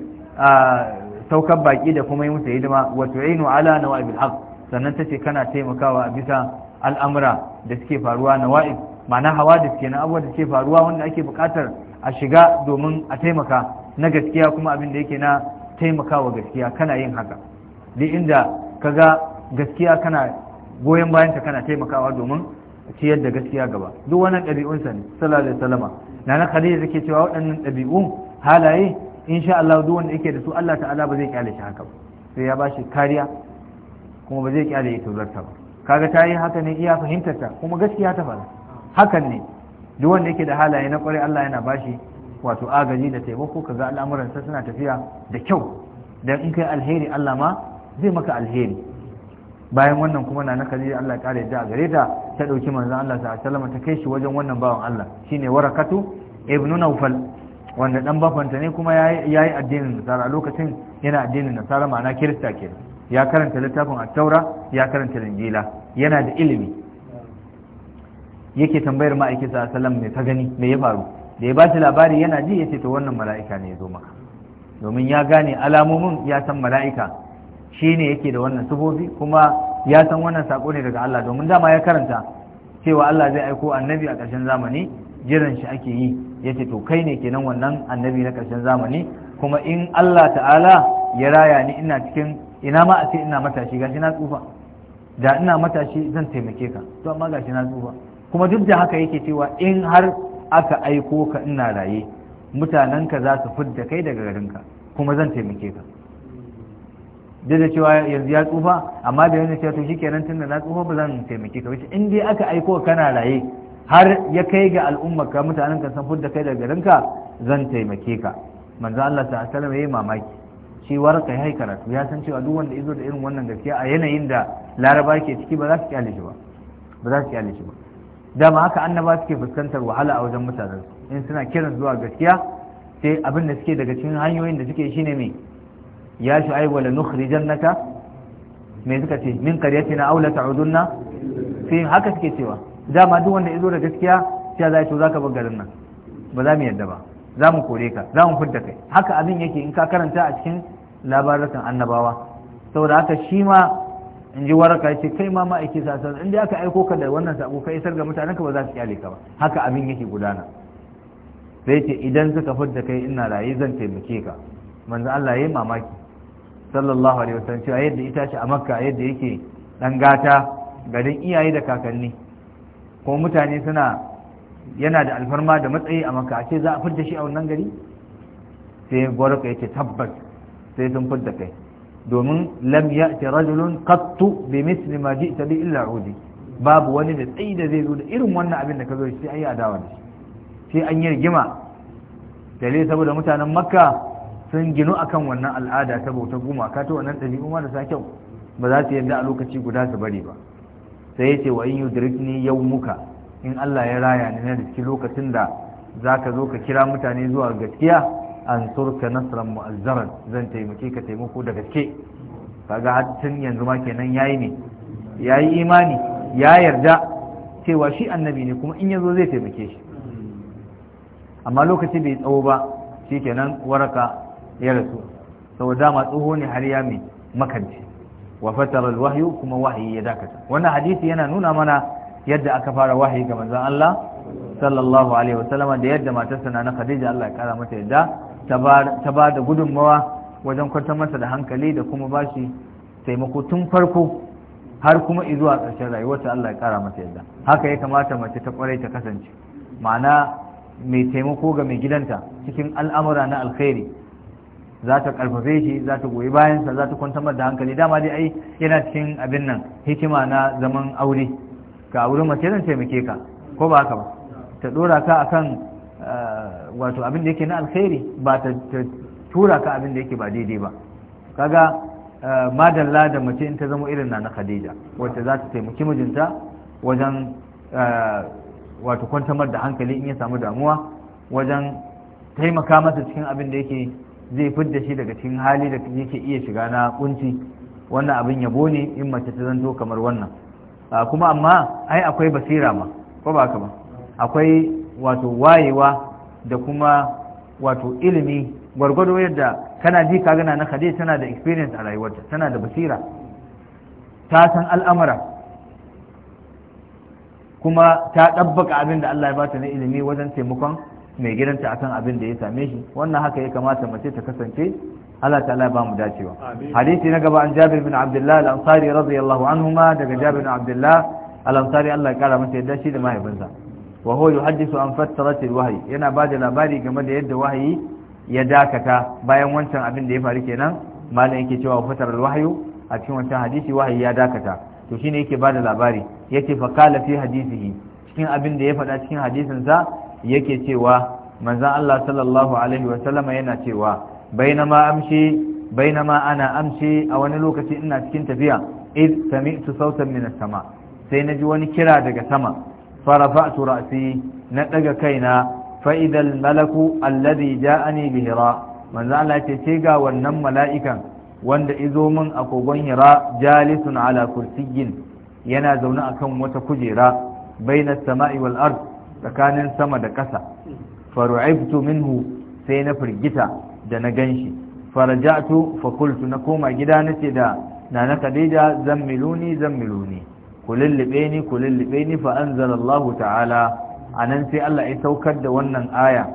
saukar baki da kuma yi musu hidima wa tu'inu ala al-haq sannan tace kana taimakawa a bisa al'amura da suke faruwa nawa'ib ma'ana hawa da suke na abubuwa da suke faruwa wanda ake buƙatar a shiga domin a taimaka na gaskiya kuma abin da yake na taimakawa gaskiya kana yin haka duk inda kaga gaskiya kana goyon bayanta kana taimakawa domin ciyar da gaskiya gaba duk wannan ɗabi'unsa ne sallallahu alaihi wasallam na na khadija take cewa waɗannan ɗabi'un halaye insha Allah duk wanda yake da su Allah ta'ala ba zai kyale shi haka ba sai ya bashi kariya kuma ba zai kyale ya tozarta ba kaga ta yi haka ne iya fahimtar ta kuma gaskiya ta faɗa hakan ne duk wanda yake da halaye na kwarai Allah yana bashi wato agaji da taimako kaga al'amuransa suna tafiya da kyau dan in kai alheri Allah ma zai maka alheri bayan wannan kuma na khadija Allah kare da gare ta ta dauki manzon Allah sallallahu alaihi wasallam ta kai shi wajen wannan bawan Allah shine warakatu ibn nawfal wanda dan bafanta ne kuma yayi addinin nasara a lokacin yana addinin nasara ma'ana kirista ke ya karanta littafin at-taura ya karanta injila yana da ilimi yake tambayar ma'aikin sallallahu alaihi wasallam me ta gani me ya faru da ya ba shi labari yana ji yace to wannan mala'ika ne ya zo maka domin ya gane alamomin ya san mala'ika shi ne yake da wannan sufofi kuma ya san wannan sako ne daga Allah domin dama ya karanta cewa Allah zai aiko annabi a ƙarshen zamani jiran shi ake yi yace to kai ne kenan wannan annabi na ƙarshen zamani kuma in Allah ta'ala ya raya ni ina cikin ina ma a ce ina matashi gashi na tsufa da ina matashi zan taimake ka to amma gashi na tsufa kuma duk da haka yake cewa in har aka aiko ka ina raye mutanenka za su fidda kai daga garinka kuma zan taimake ka duk da cewa yanzu ya tsufa amma da yanzu cewa to kenan tun da na tsufa ba zan taimake ka wace in dai aka aiko kana raye har ya kai ga al'umma ka mutanen ka san fudda kai daga garinka zan taimake ka manzo Allah ta sallama yayi mamaki shi warka ya karatu ya san cewa duk wanda yazo da irin wannan gaskiya a yanayin da laraba ke ciki ba za su kyale shi ba ba za su kyale shi ba dama haka annaba suke fuskantar wahala a wajen mutanen in suna kiran zuwa gaskiya sai abin da suke daga cikin hanyoyin da suke shine mai ya shu'aib wala nukhrijannaka me suka ce min qaryatina aw la ta'udunna fi haka suke cewa dama duk wanda yazo da gaskiya cewa za to ka bar garin nan ba za mu yadda ba za mu kore ka za mu fidda kai haka abin yake in ka karanta a cikin labarukan annabawa saboda haka shi ma in ji waraka ce kai ma ma'aiki sasa in dai aka aiko ka da wannan sabo ka isar ga mutanen ka ba za su kyale ka ba haka abin yake gudana sai ce idan suka fidda kai ina raye zan taimake ka manzo Allah yayi mamaki sallallahu alaihi wasallam cewa yadda ita ce a makka yadda yake dan gata garin iyaye da kakanni ko mutane suna yana da alfarma da matsayi a makka a ce za a fidda shi a wannan gari sai gwarka yake tabbas sai sun fidda kai domin lam ya'ti rajulun qattu bi misli ma ji'ta bi illa udi babu wani da tsayi da zai zo da irin wannan abin da ka zo shi sai yi adawa da shi sai an yi rigima dalilin saboda mutanen makka sun ginu akan wannan al'ada ta bautar gumaka ta wannan ɗabi'u ma da sa kyau ba za su yarda a lokaci guda su bari ba sai yace wa in yau muka? in Allah ya raya ni na riski lokacin da ka zo ka kira mutane zuwa gaskiya an surka nasran mu'azzaran zan taimake ka taimako da gaske kaga har tun yanzu ma kenan yayi ne yayi imani ya yarda cewa shi annabi ne kuma in yazo zai taimake shi amma lokaci bai tsawo ba shikenan waraka ya rasu saboda dama tsoho ne har ya mai makanci wa fatara kuma wahayi ya dakata wannan hadisi yana nuna mana yadda aka fara wahayi ga maza Allah sallallahu alaihi wasallama da yadda matarsa na Khadija Allah ya kara mata yadda ta ba da gudunmawa wajen kwantar masa da hankali da kuma ba shi taimako tun farko har kuma izuwa ƙarshen rayuwarsa Allah ya kara mata yadda haka ya kamata mace ta kwarai ta kasance ma'ana mai taimako ga mai gidanta cikin al'amura na alkhairi za ta karfafe shi za ta goyi bayansa za ta kwantar da hankali dama dai ai yana cikin abin nan hikima na zaman aure ka aure mace zan taimake ka ko ba haka ba ta dora ka akan eh, wato abin da yake na alkhairi ba ta tura ka abin da yake ba daidai ba kaga eh, madalla da mace in ta zama irin na na Khadija wacce za ta taimaki mijinta wajen eh, wato kwantar da hankali in ya samu damuwa wajen taimaka masa cikin abin da yake zai fidda shi daga cikin hali da yake iya shiga na kunci wannan abin yabo ne in mace ta zanto kamar wannan ah, kuma amma ai akwai basira ma ko ba kama. akwai wato wayewa da kuma wato ilimi gwargwado yadda kana ji ka gana na kade tana da experience a rayuwarta tana da basira ta san al'amura kuma ta ɗabbaka abin da Allah ya bata na ilimi wajen taimakon mai gidanta akan abin da ya same shi wannan haka ya kamata mace ta kasance Allah ta'ala ba mu dacewa hadisi na gaba an Jabir bin Abdullah al-Ansari radiyallahu anhuma daga Jabir bin Abdullah al-Ansari Allah ya kara masa yadda shi da mahaifinsa wa huwa yuhaddisu an fatratil wahyi yana ba da labari game da yadda wahayi ya dakata bayan wancan abin da ya faru kenan malam yake cewa fataral wahyu a cikin wancan hadisi wahayi ya dakata to shine yake ba da labari yace fa kala fi hadisihi cikin abin da ya faɗa cikin hadisin sa yake cewa manzon Allah sallallahu alaihi yana cewa bainama amshi bainama ana amshi a wani lokaci ina cikin tafiya id sami'tu sautan min sama sai ji wani kira daga sama farafa'tu ra'si na daga kaina fa idal malaku alladhi ja'ani bi hira manzo Allah ce ce ga wannan mala'ikan wanda izo min a kogon hira jalisun ala kursiyyin yana zaune akan wata kujera baina samai wal ard tsakanin sama da ƙasa faru'ibtu minhu sai na firgita da na ganshi faraja'tu fa na koma gida na nace da nana Khadija zammiluni zammiluni kulillibe ni kulillibe ni fa anzalallahu ta'ala nan sai Allah ya saukar da wannan aya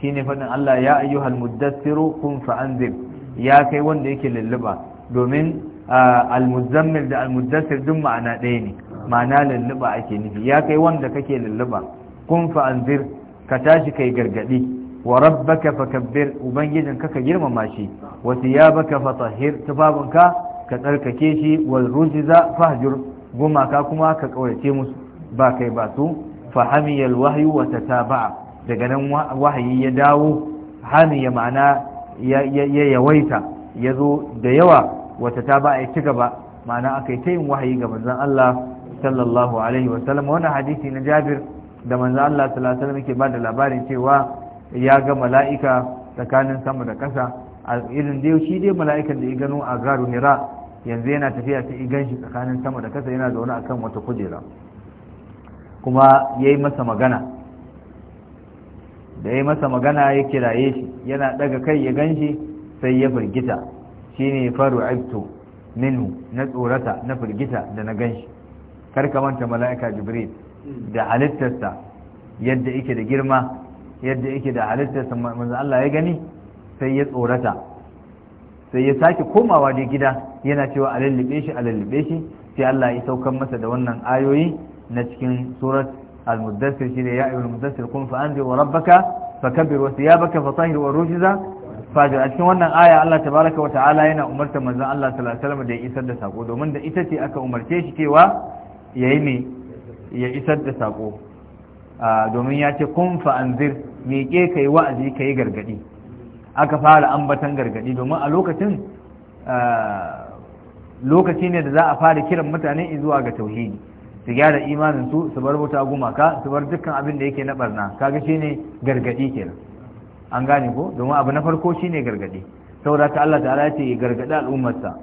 Shi ne faɗin Allah ya ayyuhal muddassiru kun fa ya kai wanda yake lulluba domin al-muzammil da al duk ma'ana ɗaya ne ma'ana lulluba ake nufi ya kai wanda kake lulluba kun fa'anzir ka tashi kai gargadi wa rabbaka fakabbir ubangijin ka ka girmama shi wa thiyabaka fatahhir tufafin ka tsarkake shi wal rujza fahjur gumaka kuma ka kaurace musu ba kai ba su fahamiya wahyu wa tataba'a daga nan wahayi ya dawo hamiya ma'ana ya yawaita ya zo da yawa wata ta ya ci gaba ma'ana aka yi ta yin wahayi ga manzon Allah sallallahu alaihi sallam wannan hadisi na Jabir da manzo Allah sallallahu alaihi wasallam da bada labarin cewa ya ga mala'ika tsakanin sama da ƙasa a irin da shi dai mala'ikan da ya gano a garu nira yanzu yana tafiya sai igan shi tsakanin sama da ƙasa yana zaune akan wata kujera kuma yayi masa magana da yayi masa magana ya kiraye shi yana daga kai ya ganshi sai ya firgita shine faru aibtu minu na tsorata na firgita da na ganshi kar ka manta mala'ika jibril da halittarsa yadda yake da girma yadda yake da halittarsa manzo Allah ya gani sai ya tsorata sai ya sake komawa da gida yana cewa a lallabe shi a lallabe shi sai Allah ya saukan masa da wannan ayoyi na cikin surat al-muddassir ne ya ayyuhal muddassir kun fa anzi wa rabbaka fakabbir wa thiyabaka fatahhir wa rujza fa a cikin wannan aya Allah tabaraka wa ta'ala yana umartar manzon Allah sallallahu alaihi wasallam da ya isar da sako domin da ita ce aka umarce shi cewa yayi mai ya isar da sako domin ya ce kun fa'anzir miƙe ka yi wa'azi ka yi gargaɗi aka fara ambatan gargaɗi domin a lokacin lokaci ne da za a fara kiran mutane zuwa ga tauhidi su gyara imanin su su bar wuta gumaka su bar dukkan abin da yake na barna kaga shine gargaɗi kenan an gane ko domin abu na farko shine gargadi. saboda ta Allah ta'ala ya ce ya gargaɗi al'ummarsa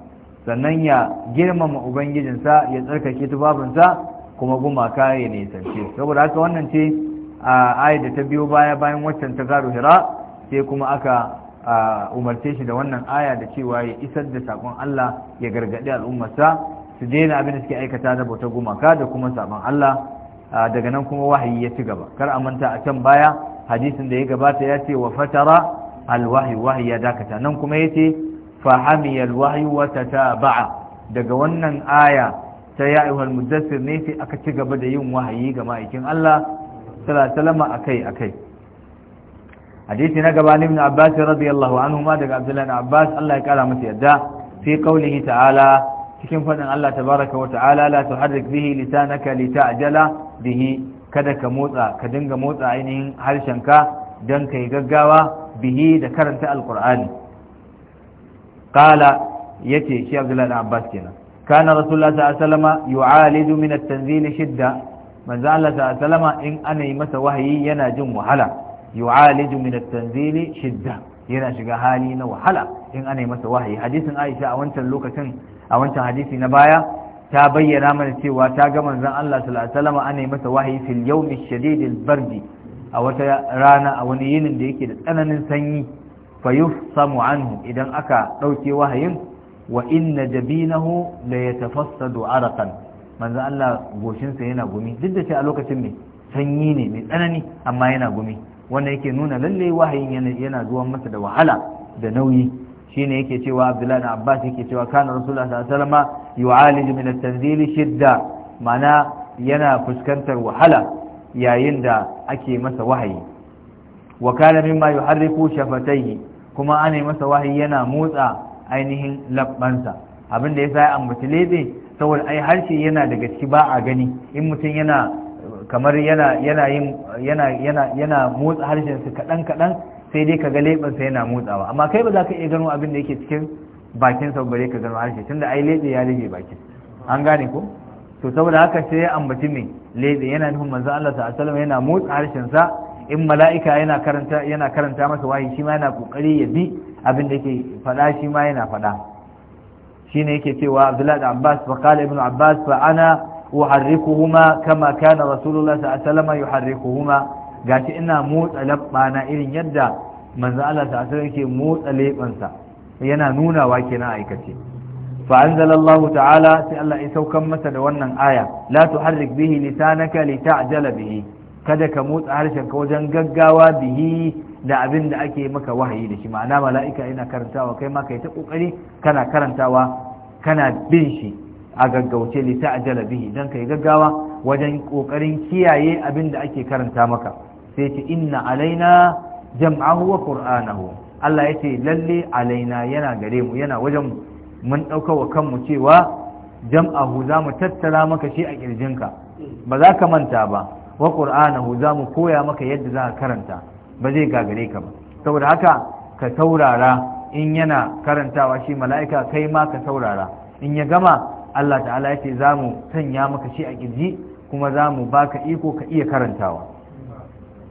sannan ya girmama ubangijinsa ya tsarkake tufafinsa kuma gumaka ya nisance saboda haka wannan ce a ayi da ta biyo baya bayan waccan ta garu hira sai kuma aka umarce shi da wannan aya da cewa ya isar da sakon Allah ya gargaɗi al'ummarsa su daina abin da suke aikata da bautar gumaka da kuma sabon Allah daga nan kuma wahayi ya ci gaba kar a manta a can baya hadisin da ya gabata ya ce wa fatara alwahi wahayi ya dakata nan kuma yace fa hamiyal wata wa tataba'a daga wannan aya ta ya ayyuhal muddassir ne sai aka ci gaba da yin wahayi ga ma'aikin Allah sallallahu alaihi akai akai hadisi na gaba ibn Abbas radiyallahu anhu ma daga Abdullah Abbas Allah ya kara masa yadda fi qaulihi ta'ala cikin fadin Allah tabaraka wa ta'ala la tuharrik bihi lisanaka lita'jala bihi kada ka motsa ka dinga motsa ainihin harshenka don ka gaggawa bihi da karanta alkur'ani kala yace shi abdullahi abbas kenan kana rasulullah sallallahu alaihi wasallam yu'alidu min at-tanzil shidda manzo Allah sallallahu in ana yi masa wahayi yana jin wahala yu'alidu min at-tanzil shidda yana shiga hali na wahala in ana yi masa wahayi hadisin Aisha a wancan lokacin a wancan hadisi na baya ta bayyana mana cewa ta ga manzon Allah sallallahu alaihi wasallam ana yi masa wahayi fil yawmi shadid al-bardi a wata rana a wani yinin da yake da tsananin sanyi fayuf samu anhu idan aka dauke wahayin wa inna jabinahu la yatafassadu araqan manzo Allah goshinsa yana gumi duk da cewa a lokacin mai sanyi ne mai tsanani amma yana gumi wannan yake nuna lalle wahayin yana zuwa masa da wahala da nauyi shine yake cewa Abdullahi da Abbas yake cewa kana Rasulullah sallallahu alaihi wasallam yu'alij min at-tanzil shidda ma'ana yana fuskantar wahala yayin da ake masa wahayi wa kana mimma yuharriku shafatayhi kuma ana masa wahayi yana motsa ainihin labbansa abin da ya ya ambaci lebe saboda ai harshe yana daga ciki ba a gani in mutum yana kamar yana yana yin yana yana yana motsa harshen su kadan kadan sai dai kaga sa yana motsawa amma kai ba za ka iya gano abin da yake cikin bakin sa bare ka gano harshe tunda ai lebe ya rage bakin an gane ko to saboda haka sai ya ambaci me lebe yana nufin manzo Allah ta sallam yana motsa harshen sa in mala'ika yana karanta yana karanta masa wahayi shi ma yana kokari ya bi abin da yake faɗa shi ma yana faɗa shi ne yake cewa abdullahi da abbas fa qala ibnu abbas fa ana uharrikuhuma kama kana rasulullah sallallahu alaihi wasallam yuharrikuhuma gashi ina motsa labbana irin yadda manzo Allah sallallahu alaihi yake motsa lebansa yana nunawa kenan aikace fa anzalallahu ta'ala sai Allah ya saukan masa da wannan aya la tuharrik bihi lisanaka lita'jala bihi kada ka motsa harshenka wajen gaggawa bihi da abin da ake maka wahayi da shi ma'ana mala'ika yana karantawa kai ma kai ta kokari kana karantawa kana bin shi a gaggauce li ta'jala bihi dan kai gaggawa wajen kokarin kiyaye abin da ake karanta maka sai ce inna alaina jam'ahu wa qur'anahu Allah yace lalle alaina yana gare mu yana wajen mu mun dauka wa kanmu cewa jam'ahu mu tattara maka shi a kirjinka ba za ka manta ba wa qur'anahu mu koya maka yadda za ka karanta ba zai gagare ka ba saboda haka ka saurara in yana karantawa shi mala'ika kai ma ka saurara in ya gama Allah ta'ala ya ce za mu sanya maka shi a kirji kuma za mu baka iko ka iya karantawa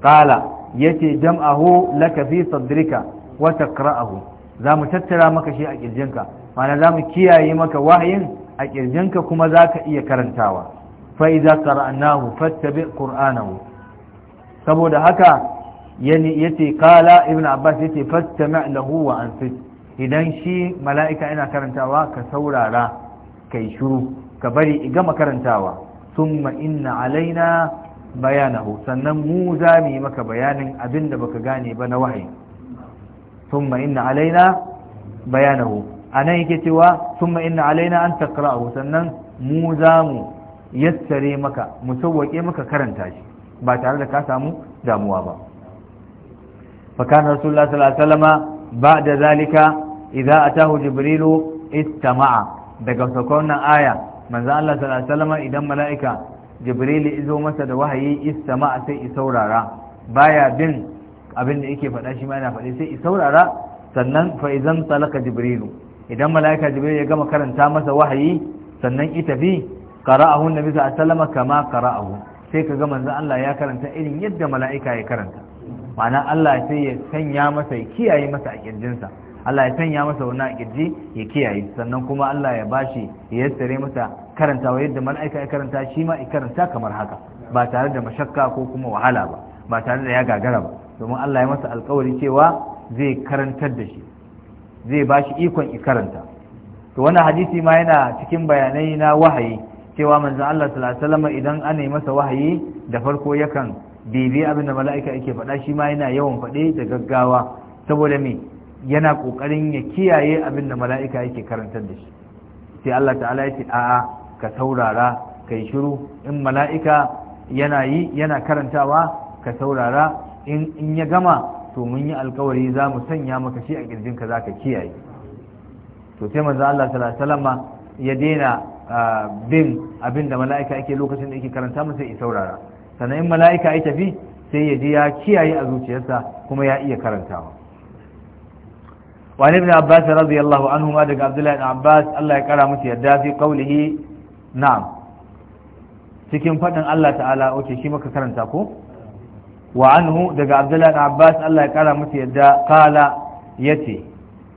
qala yace jam'ahu laka fi sadrika wa taqra'ahu za mu tattara maka shi a kirjinka mana za mu kiyaye maka wahayin a kirjinka kuma za ka iya karantawa fa idza qara'nahu fattabi' qur'anahu saboda haka yani yace qala ibn abbas yace fastami' lahu wa ansit idan shi mala'ika ina karantawa ka saurara kai shiru ka bari i gama karantawa thumma inna alaina bayanahu sannan mu za mu yi maka bayanin abinda baka gane ba na wahayi thumma inna alaina bayanahu anan yake cewa thumma inna alaina an taqra'ahu sannan mu za mu yassare maka mu sauwake maka karanta shi ba tare da ka samu damuwa ba فكان رسول الله صلى الله عليه وسلم بعد ذلك إذا أتاه جبريل استمع daga sakon aya manzo Allah sallallahu alaihi wasallam idan mala'ika Jibril izo masa da wahayi istama sai isaurara baya bin abin da yake faɗa shi yana faɗi sai isaurara sannan fa idan talaka idan mala'ika Jibril ya gama karanta masa wahayi sannan ita bi qara'ahu nabi sallallahu alaihi wasallam kama qara'ahu sai kaga manzo Allah ya karanta irin yadda mala'ika ya karanta ma'ana Allah sai ya sanya masa ya kiyaye masa a kirjinsa Allah ya sanya masa wani a kirji ya kiyaye sannan kuma Allah ya bashi ya yassare masa karantawa yadda mala'ika ya karanta shi ma ya karanta kamar haka ba tare da mashakka ko kuma wahala ba ba tare da ya gagara ba domin Allah ya masa alkawari cewa zai karantar da shi zai bashi ikon ya karanta to wannan hadisi ma yana cikin bayanai na wahayi cewa manzon Allah sallallahu alaihi wasallam idan an yi masa wahayi da farko yakan bibi abinda mala'ika yake faɗa shi ma yana yawan faɗe da gaggawa saboda me yana ƙoƙarin ya kiyaye abin da mala'ika yake karantar da shi sai Allah ta'ala ya ce a'a ka saurara kai shiru in mala'ika yana yi yana karantawa ka saurara in ya gama to mun yi alkawari za mu sanya maka shi a ka za ka kiyaye to sai manzo Allah sallallahu alaihi ya daina ah, bin abin da mala'ika yake lokacin da yake karanta masa ya saurara sannan mala'ika ya tafi sai ya ji ya kiyaye a zuciyarsa kuma ya iya karantawa wani ibn abbas radiyallahu anhu ma daga abdullahi ibn abbas Allah ya kara musu yadda fi qawlihi na'am cikin fadin Allah ta'ala wace shi muka karanta ko wa anhu daga abdullahi ibn abbas Allah ya kara musu yadda qala yace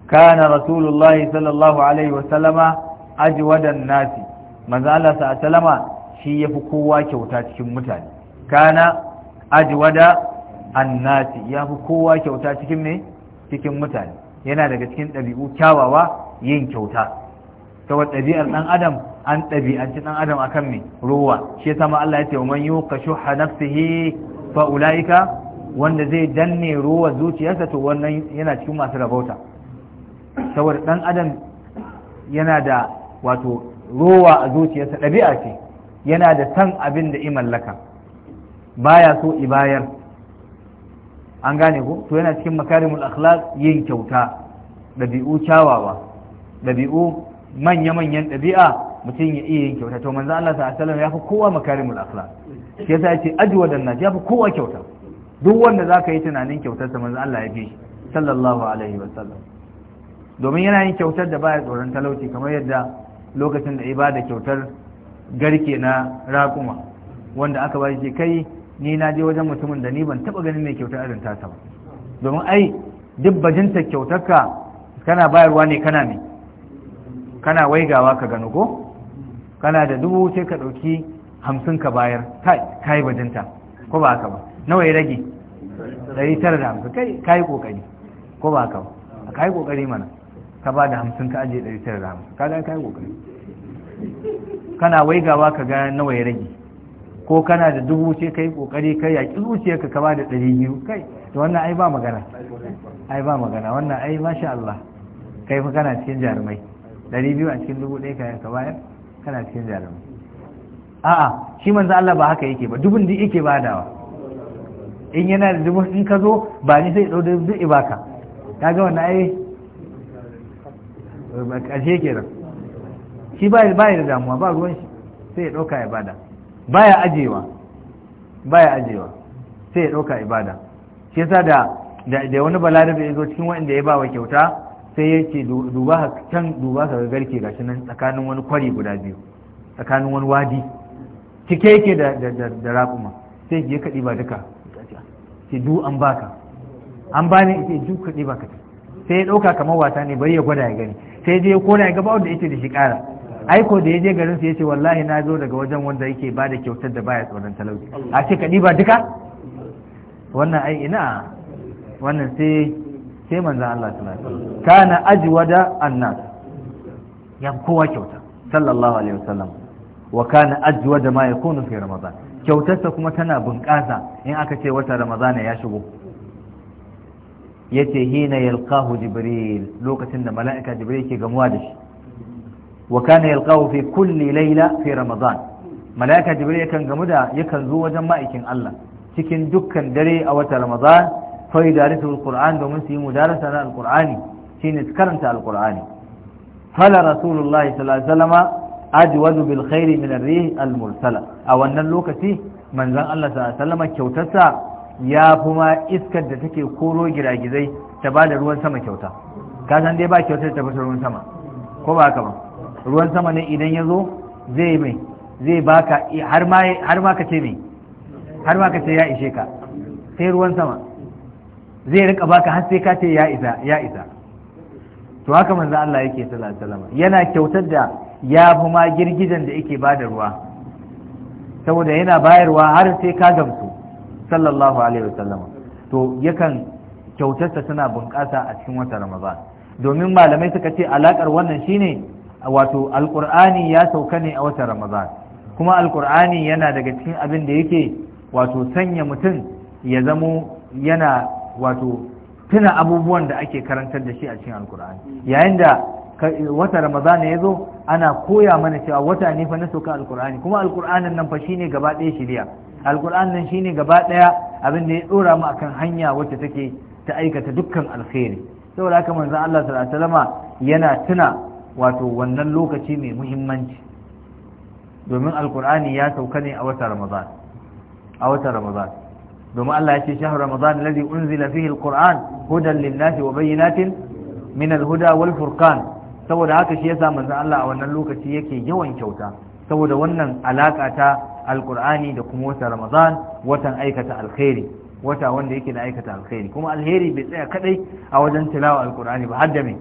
kana rasulullahi sallallahu alaihi wa sallama ajwadan nasi manzo Allah Salama shi yafi kowa kyauta cikin mutane kana ajwada annasi ya fi kowa kyauta cikin ne cikin mutane yana daga cikin ɗabi'u kyawawa yin kyauta ta wa ɗabi'ar ɗan adam an ɗabi'anci ɗan adam akan me ruwa shi yasa ma Allah ya ce man yuqa shuha nafsihi fa ulaika wanda zai danne ruwa zuciyarsa to wannan yana cikin masu rabauta saboda ɗan adam yana da wato ruwa a zuciyarsa ɗabi'a ce yana da san abin da i mallaka baya so ibayar an gane ko to yana cikin makarimul akhlaq yin kyauta dabi'u kyawawa dabi'u manya-manyan dabi'a mutum ya iya yin kyauta to manzo Allah sallallahu alaihi ya fi kowa makarimul akhlaq shi yasa yace ajwadan nas ya fi kowa kyauta duk wanda zaka yi tunanin kyautar sa manzo Allah ya fi shi sallallahu alaihi wa sallam domin yana yin kyautar da baya tsoron talauci kamar yadda lokacin da ibada kyautar garke na raƙuma wanda aka ba shi kai ni na je wajen mutumin da ni ban taba ganin mai kyautar irin tasa ba domin ai duk bajinta kyautarka kana bayarwa ne kana ne kana waigawa ka gano ko kana da dubu sai ka ɗauki hamsin ka bayar ka yi bajinta ko ba haka ba nawa ya rage ɗari tara da hamsin kai ka yi ƙoƙari ko ba haka ba ka yi ƙoƙari mana ka ba da hamsin ka ajiye ɗari tara da hamsin ka ga ka yi ƙoƙari kana waigawa ka ga nawa ya rage ko kana da dubu ce kai kokari kai ya ki zuciyarka ka ba da ɗari biyu kai to wannan ai ba magana ai ba magana wannan ai masha Allah kai fa kana cikin jarumai ɗari biyu a cikin dubu ɗaya ka ka bayar kana cikin jarumai a'a shi manzo Allah ba haka yake ba dubun da yake badawa in yana da dubu in ka zo ba ni sai ɗau da dubu ibaka kaga wannan ai ƙarshe kenan shi ba ya da damuwa ba ruwan shi sai ya ɗauka ya bada baya ajewa baya ajewa sai ya ɗauka ibada shi yasa da da wani balarabe ya zo cikin wanda ya ba wa kyauta sai ya ce duba can duba ka garke gashi nan tsakanin wani kwari guda biyu tsakanin wani wadi cike yake da da raƙuma sai ya kaɗi ba duka ce du an baka an bani ce du kaɗi ba ka sai ya ɗauka kamar wata ne bari ya gwada ya gani sai je ya kona ya ga ba wanda yake da shi ƙara aiko da ya je garin sa yace wallahi na zo daga wajen wanda yake ba da kyautar da baya tsoron talauci a ce ka ba duka wannan ai ina wannan sai sai manzo Allah sallallahu alaihi wasallam kana ajwada annas ya kowa kyauta sallallahu alaihi wasallam wa kana ajwada ma yakunu fi ramadan kyautarsa kuma tana bunƙasa in aka ce wata ramadana ya shigo yace hina yalqahu jibril lokacin da mala'ika jibril ke gamuwa da shi wa kana yalqahu fi kulli layla fi ramadan malaika jibril yakan gamu da yakan zo wajen ma'aikin Allah cikin dukkan dare a watan ramadan fa yadarisu alquran domin su yi mudarasa na alqurani shine su karanta alqurani fala rasulullah sallallahu alaihi wasallam ajwadu bil min ar-rih a wannan lokaci manzon Allah sallallahu alaihi wasallam kyautarsa ya fi ma iskar da take koro giragizai ta ba da ruwan sama kyauta ka san dai ba kyautar ta fita ruwan sama ko ba haka ba ruwan sama ne idan ya zo zai mai zai baka har ma ka ce mai har ma ka ce ya ishe ka sai ruwan sama zai rika baka har sai ka ce ya isa ya isa to haka manzo Allah yake sallallahu alaihi wasallam yana kyautar da ya fi ma girgijen da yake bada ruwa saboda yana bayarwa har sai ka gamsu sallallahu alaihi wasallam to yakan kyautarsa tana bunƙasa a cikin wata ramadan domin malamai suka ce alaƙar wannan shine wato alkur'ani ya sauka ne a watan ramadan kuma alkur'ani yana daga cikin abin da yake wato sanya mutum ya zamo yana wato tuna abubuwan da ake karantar da shi a cikin alkur'ani yayin da wata ramadan ya zo ana koya mana cewa wata ne fa na sauka alkur'ani kuma alkur'anin nan fa shine gaba ɗaya shirya alkur'an nan shine gaba ɗaya abin da ya ɗora mu akan hanya wacce take ta aikata dukkan alkhairi saboda haka manzon Allah sallallahu alaihi wasallama yana tuna wato wannan lokaci mai muhimmanci domin alkur'ani ya sauka ne a wata ramadan a wata domin Allah ya ce shahar ramadan alladhi unzila fihi alquran hudan lin wa bayyinatin min al-huda wal furqan saboda haka shi yasa manzon Allah a wannan lokaci yake yawan kyauta saboda wannan alaka ta alkur'ani da kuma wata ramadan watan aikata alkhairi wata wanda yake da aikata alkhairi kuma alheri bai tsaya kadai a wajen tilawa alkur'ani ba har da me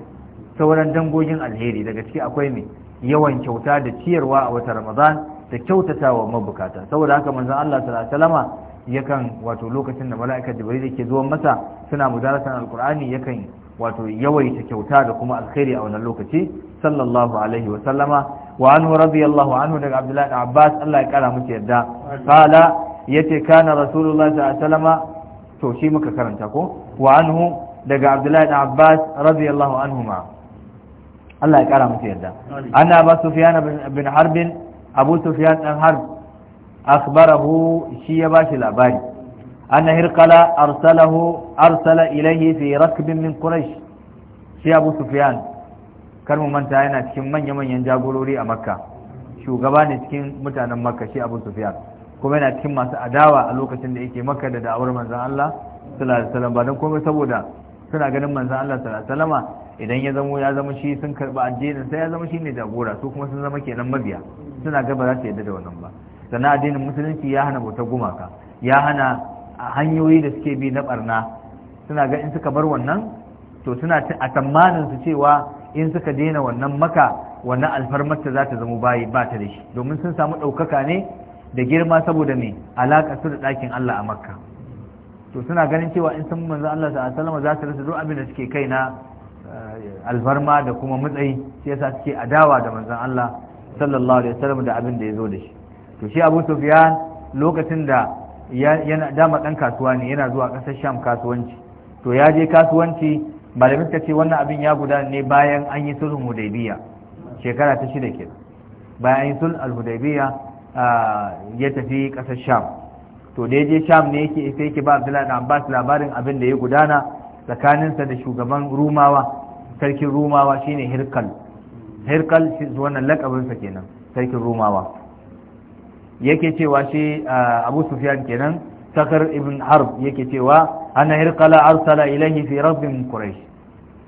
sauran dangogin alheri daga ciki akwai ne yawan kyauta da ciyarwa a wata ramadan da kyautata wa mabukata saboda haka manzon Allah sallallahu alaihi yakan wato lokacin da mala'ikar jibril ke zuwa masa suna mudarasan alqur'ani yakan wato yawaita kyauta da kuma alkhairi a wannan lokaci sallallahu alaihi wa sallama wa anhu radiyallahu anhu daga abdullahi da abbas Allah ya kara musu yarda qala yace kana rasulullahi sallallahu alaihi wasallama to shi muka karanta ko wa anhu daga abdullahi da abbas radiyallahu ma. Allah ya kara musu yarda ana ba Sufiyan bin Harbin, abu Sufiyan dan harb akhbarahu shi ya bashi labari anna hirqala arsalahu arsala ilayhi fi rakbin min quraish shi abu Sufiyan. kar mu manta yana cikin manya-manyan jagorori a makka shugaba ne cikin mutanen makka shi abu Sufiyan. kuma yana cikin masu adawa a lokacin da yake maka da da'awar manzan Allah sallallahu alaihi wasallam ba don komai saboda suna ganin manzan Allah sallallahu alaihi wasallama idan ya zamo ya zama shi sun karba addinin sai ya zama shi ne jagora su kuma sun zama kenan mabiya suna gaba za su yadda da wannan ba sannan addinin musulunci ya hana bautar gumaka ya hana hanyoyi da suke bi na barna suna ga in suka bar wannan to suna a tsammanin su cewa in suka daina wannan maka wannan alfarmar ta za ta zama bayi ba ta da shi domin sun samu ɗaukaka ne da girma saboda me alaƙa su da ɗakin Allah a makka to suna ganin cewa in sun manzo Allah sallallahu alaihi wasallam za su rasa duk abin da suke kai na alfarma da kuma matsayi shi yasa suke adawa da manzon Allah sallallahu alaihi wasallam da abin da ya zo da shi to shi Abu Sufyan lokacin da yana dama dan kasuwa ne yana zuwa kasar Sham kasuwanci to ya je kasuwanci malamin ta ce wannan abin ya gudana ne bayan an yi sulhun Hudaybiya shekara ta shida kenan bayan an yi sulhun al-Hudaybiya ya tafi kasar Sham to da ya je Sham ne yake sai yake ba Abdullahi Abbas labarin abin da ya gudana tsakaninsa da shugaban rumawa sarkin rumawa shine hirkal hirkal wannan lakabinsa kenan sarkin rumawa yake cewa shi abu sufyan kenan sakar ibn harb yake cewa ana hirkala arsala ilahi fi rabbin quraish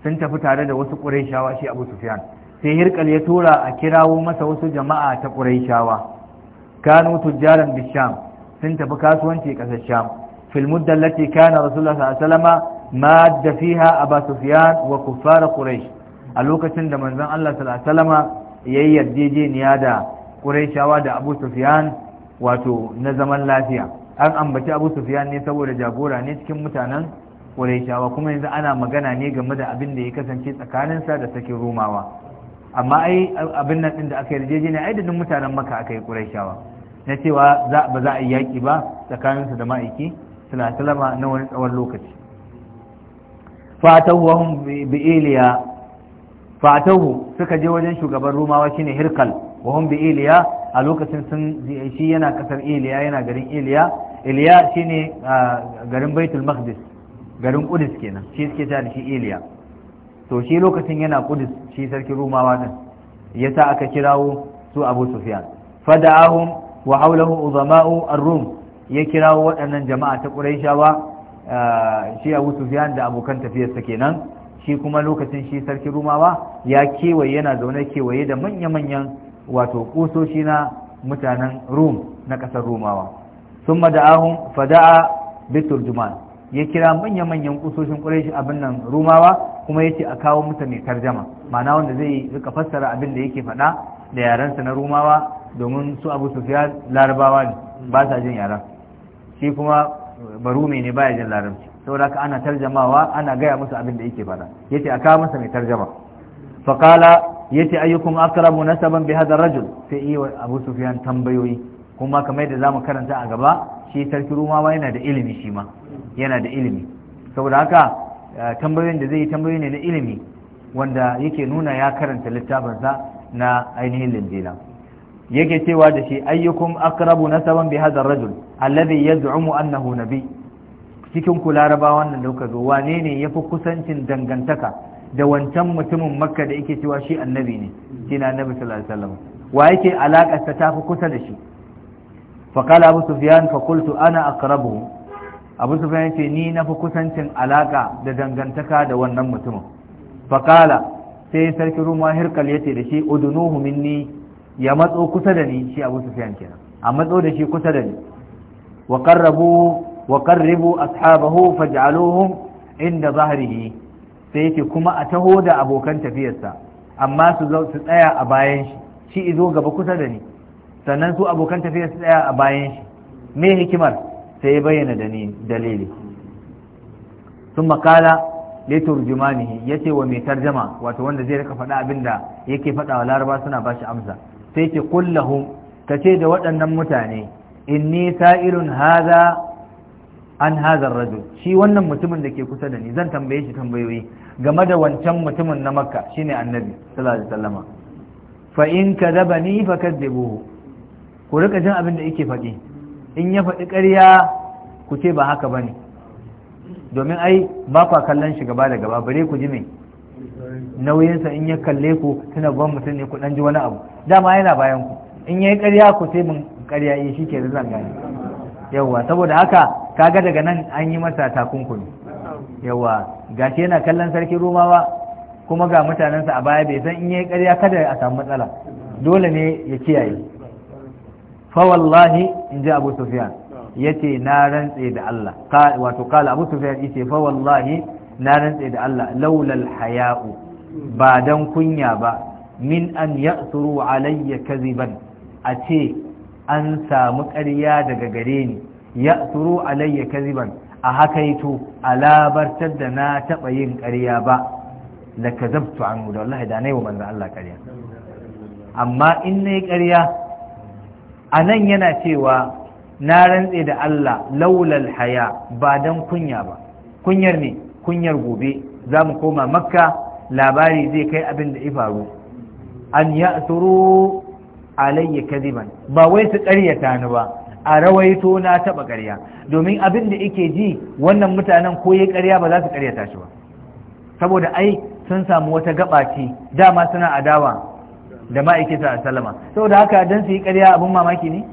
sun tafi tare da wasu qurayshawa shi abu sufyan sai hirkal ya tura a kirawo masa wasu jama'a ta qurayshawa kanu tujjaran bisham sun tafi kasuwanci kasar sham fil muddallati kana rasulullah sallallahu alaihi wasallama madda fiha aba sufyan wa kuffar quraish a lokacin da manzon Allah sallallahu alaihi wasallama yayi yarjejeniya da quraishawa da abu wato na zaman lafiya an ambaci abu ne saboda jagora ne cikin mutanen ƙuraishawa kuma yanzu ana magana ne game da abin da ya kasance tsakaninsa da sakin rumawa amma ai abin nan din da aka yarjejeniya ai da mutanen maka aka yi quraishawa na cewa ba za a yi yaƙi ba tsakaninsu da ma'aiki sallallahu na wani tsawon lokaci fatahu bi iliya fatahu suka je wajen shugaban rumawa shine hirkal wa bi iliya a lokacin sun shi yana kasar iliya yana garin iliya iliya shine garin baitul maqdis garin kudus kenan shi suke ta shi iliya to shi lokacin yana kudus shi sarki rumawa din yasa aka kirawo su abu sufyan fada'ahum wa hawlahu uzama'u ar-rum ya kirawo waɗannan jama'a ta quraishawa shi abu sufyan da abokan tafiyarsa kenan shi kuma lokacin shi sarki rumawa ya kewaye yana zaune kewaye da manya-manyan wato kusoshi na mutanen rum na ƙasar rumawa sun mada'ahun fada'a bitul juman ya kira manya-manyan kusoshin ƙureshi abin nan rumawa kuma ya ce a kawo musu mai tarjama ma'ana wanda zai rika fassara abin da yake faɗa da yarensa na rumawa domin su abu sufiya larabawa ne ba sa jin yaren shi kuma barume ne baya jin larabci saboda haka ana tarjamawa ana gaya musu abin da yake fada yace a kawo masa mai tarjama fa qala yace ayyukum aqrabu nasaban bi hadha rajul sai yi Abu Sufyan tambayoyi kuma kamar da zamu karanta a gaba shi sarki Rumawa yana da ilimi shi ma yana da ilimi saboda haka eh, tambayoyin da zai yi tambayoyi ne na ilimi wanda yake nuna ya karanta littafinsa na ainihin linjila yake cewa da shi ayyukum aqrabu nasaban bi hadha ar-rajul alladhi yad'umu annahu nabi cikin kula larabawan nan da zo wane ne yafi kusancin dangantaka da wancan mutumin makka da yake cewa shi annabi ne shine annabi sallallahu alaihi wasallam wa yake alakar ta tafi kusa da shi fa qala abu sufyan fa qultu ana aqrabu abu sufyan yace ni nafi kusancin alaka da dangantaka da wannan mutumin fa qala sai sarki ruwa hirkal yace da shi udunuhu minni ya matso kusa da ni shi abu su sufyan kenan a matso da shi kusa da ni wa qarrabu wa qarribu ashabahu faj'aluhum inda zahrihi sai yake kuma a taho da abokan tafiyarsa amma su zo su tsaya a bayan shi shi izo gaba kusa da ni sannan su abokan tafiya su tsaya a bayan shi me hikimar sai ya bayyana da ni dalili sun makala letur jumanihi ya ce wa mai tarjama wato wanda zai rika faɗa abinda yake faɗa wa laraba suna ba shi amsa sai ce kullahu ka ce da waɗannan mutane inni sa’irun haza an hazar raju shi wannan mutumin da ke kusa da ni zan tambaye shi tambayoyi game da wancan mutumin na makka shi ne annabi sallallahu alaihi fa in kadabani buhu ku rika jin abin da yake faɗi in ya faɗi ƙarya ku ce ba haka ba ne domin ai ba kwa kallon shi gaba da gaba bare ku ji mai nauyinsa in ya kalle ku suna ban mutum ne ku dan ji wani abu dama yana bayan ku in yayi ƙarya ku sai mun ƙarya yi eh, shi ke zan gani yawa saboda haka kaga daga nan an yi masa takunkumi yawa gashi yana kallon sarki romawa kuma ga mutanensa a baya bai san in ya yi karya kada a samu matsala dole ne ya kiyaye fa wallahi in ji abu sufiyan yace na rantse da Allah wato kala abu sufiyan yace fa wallahi na rantse da Allah laulal haya'u ba dan kunya ba min an ya'thuru alayya kaziban a ce an samu ƙarya daga gare ni ya'thuru alayya kaziban a hakaito alabartar da na taɓa yin ƙarya ba la kazabtu an da wallahi da nayi wa manzo Allah ƙarya amma in nayi ƙarya anan yana cewa na rantse da Allah laulal haya ba dan kunya ba kunyar ne kunyar gobe za mu koma makka labari zai kai abin da ya faru an ya tsoro alayya kadiban ba wai su ƙaryata ni ba a rawaito na taɓa ƙarya domin abin da yake ji wannan mutanen ko ya ƙarya ba za su ƙaryata shi ba saboda ai sun samu wata gaɓaci dama suna adawa da ma'aikata a salama saboda haka don su yi ƙarya abin mamaki ne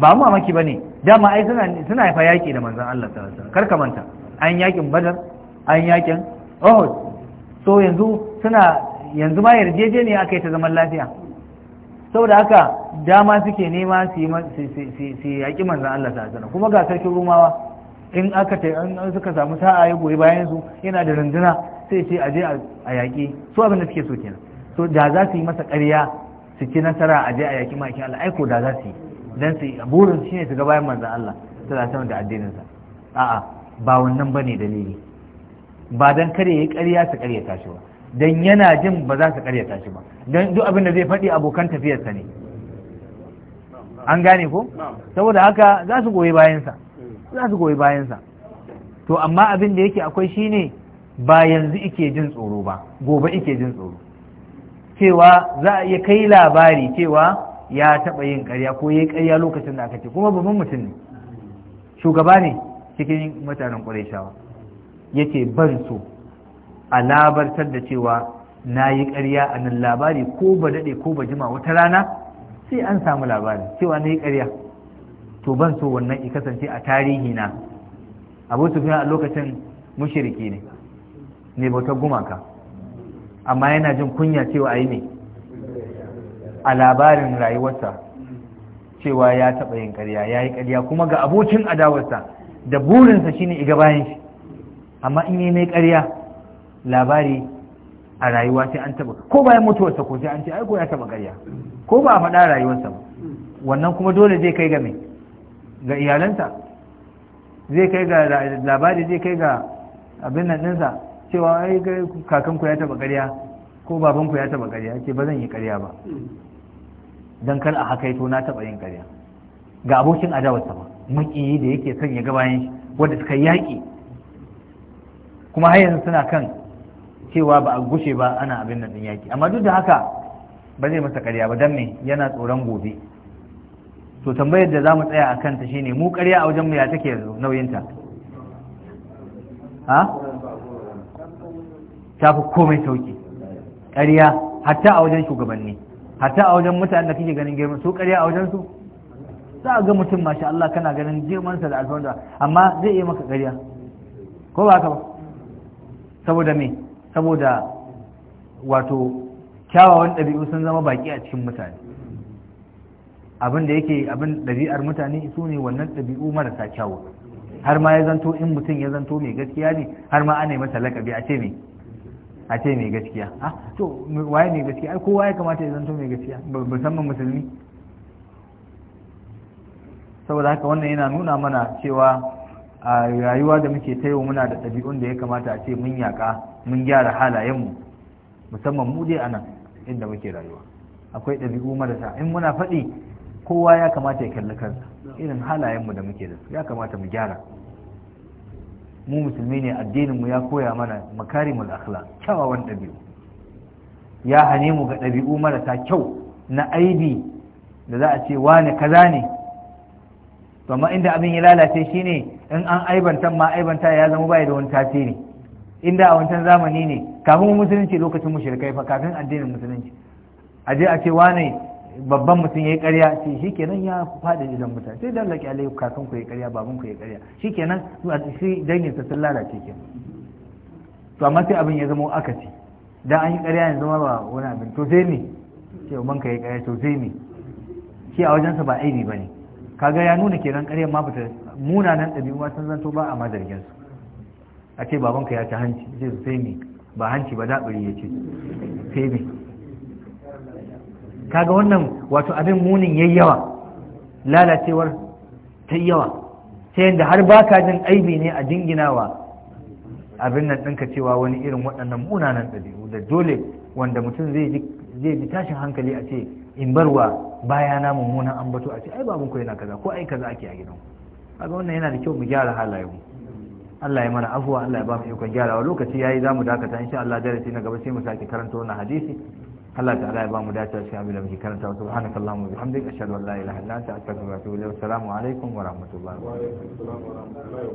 ba mamaki ba ne dama ai suna fa yaƙi da manzon Allah sallallahu alaihi wasallam kar ka manta an yakin badar an yakin Oh so yanzu suna yanzu ma yarjejeniya aka yi ta zaman lafiya saboda haka dama suke nema su yi yaƙi manzan Allah ta zana kuma ga sarkin rumawa in aka ta an suka samu sa'a ya goyi bayan su yana da runduna sai ce aje a yaƙi su abin da suke so kenan so da za su yi masa ƙarya su ci nasara aje a yaƙi makin Allah aiko da za su yi dan su burin shine su ga bayan manzan Allah ta da addinin sa a'a ba wannan bane dalili ba dan kare ya ƙarya su ƙaryata shi ba dan yana jin ba za su ƙaryata shi ba dan duk abin da zai faɗi abokan tafiyarsa ne an gane ko saboda haka za su goyi bayansa za su goyi bayansa to amma abin da yake akwai shine ba yanzu ike jin tsoro ba gobe ike jin tsoro cewa za a iya kai labari cewa ya taɓa yin ƙarya ko ya yi ƙarya lokacin da aka ce kuma babban mutum ne shugaba ne cikin mutanen ƙwarishawa yace ban so a labartar da cewa na yi ƙarya a nan labari ko ba daɗe ko ba jima wata rana sai an samu labari cewa na yi ƙarya to ban so wannan i kasance a tarihi na abu su a lokacin mushiriki ne ne bauta gumaka amma yana jin kunya cewa a yi ne a labarin rayuwarsa cewa ya taɓa yin ƙarya ya yi ƙarya kuma ga abokin adawarsa da burinsa shine iga bayan shi amma in yi mai karya labari a rayuwa sai an taba ko bayan mutuwarsa ko sai an ce aiko ya taba ƙarya ko ba a faɗa rayuwarsa ba wannan kuma dole zai kai ga mai ga iyalansa zai kai ga labari zai kai ga abin nan ɗinsa cewa ai kakanku ya taba karya ko babanku ya taba ƙarya ce ba zan yi karya ba don kar a hakaito na taba yin ƙarya ga abokin adawarsa ba muƙiyi da yake son ya ga bayan shi wanda suka yaƙi kuma har yanzu suna kan cewa ba a gushe ba ana abin nan yaƙi amma duk da haka ba zai masa ƙarya ba don me yana tsoron gobe to tambayar da za mu tsaya a kanta shine mu ƙarya a wajen mu ya take yanzu nauyinta ha ta fi komai sauki ƙarya hatta a wajen shugabanni hatta a wajen mutanen da kike ganin girma su ƙarya a wajen su za a ga mutum masha Allah kana ganin girmansa da alfawar amma zai iya maka gariya ko ba ka ba saboda me saboda wato kyawawan ɗabi'u sun zama baƙi a cikin mutane abin da yake abin ɗabi'ar mutane su ne wannan ɗabi'u marasa kyawu har ma ya zanto in mutum ya zanto mai gaskiya ne har ma ana yi masa lakabi a ce me a ce mai gaskiya ah to waye mai gaskiya ai kowa ya kamata ya zanto mai gaskiya musamman musulmi saboda haka wannan yana nuna mana cewa a rayuwa da muke ta yau muna da ɗabi'un da ya kamata a ce mun yaƙa mun gyara halayenmu musamman mu dai a nan inda muke rayuwa akwai ɗabi'u marasa in muna faɗi kowa ya kamata ya kalli kansa irin halayenmu da muke da su ya kamata mu gyara mu musulmi ne addininmu ya koya mana makarimul akhlaq kyawawan ɗabi'u ya hane mu ga ɗabi'u marasa kyau na aibi da za a ce wane kaza ne to amma inda abin ya lalace shine in an aibanta ma aibanta ya zama bai da wani tasiri inda a wancan zamani ne kafin musulunci lokacin mushrikai fa kafin addinin musulunci a je a ce wane babban mutum ya yi karya ce shi kenan ya faɗi idan mutane sai dan laƙi alai kakan ku ya karya baban ku ya karya shi kenan su a shi dangin sa sun lalace kenan to amma sai abin ya zama akasi dan an yi karya yanzu zama ba wani abin to sai ne ce uban ka ya karya to sai ne shi a wajensa ba aibi bane kaga ya nuna kenan ƙaryar ma bata munanan ɗabi'u ba sun zanto ba a madargin su a ce babanka ya ci hanci zai su sai me ba hanci ba daɓari ya ce sai me kaga wannan wato abin munin yayi yawa lalacewar ta yawa ta yadda har ba ka jin aibi ne a jinginawa abin nan ɗinka cewa wani irin waɗannan munanan ɗabi'u da dole wanda mutum zai ji tashin hankali a ce in barwa baya na mummunan ambato a ce ai baban ku yana kaza ko ai kaza ake a gidan kaga wannan yana da kyau mu gyara halayen mu Allah ya mana afuwa Allah ya ba mu ikon gyarawa lokaci yayi zamu dakata insha Allah darasi na gaba sai mu sake karanta wannan hadisi Allah ta'ala ya ba mu dace shi abin da muke karanta subhanakallahumma wa bihamdika ashhadu an la ilaha illa anta astaghfiruka wa atubu ilayk assalamu alaikum wa rahmatullahi wa barakatuh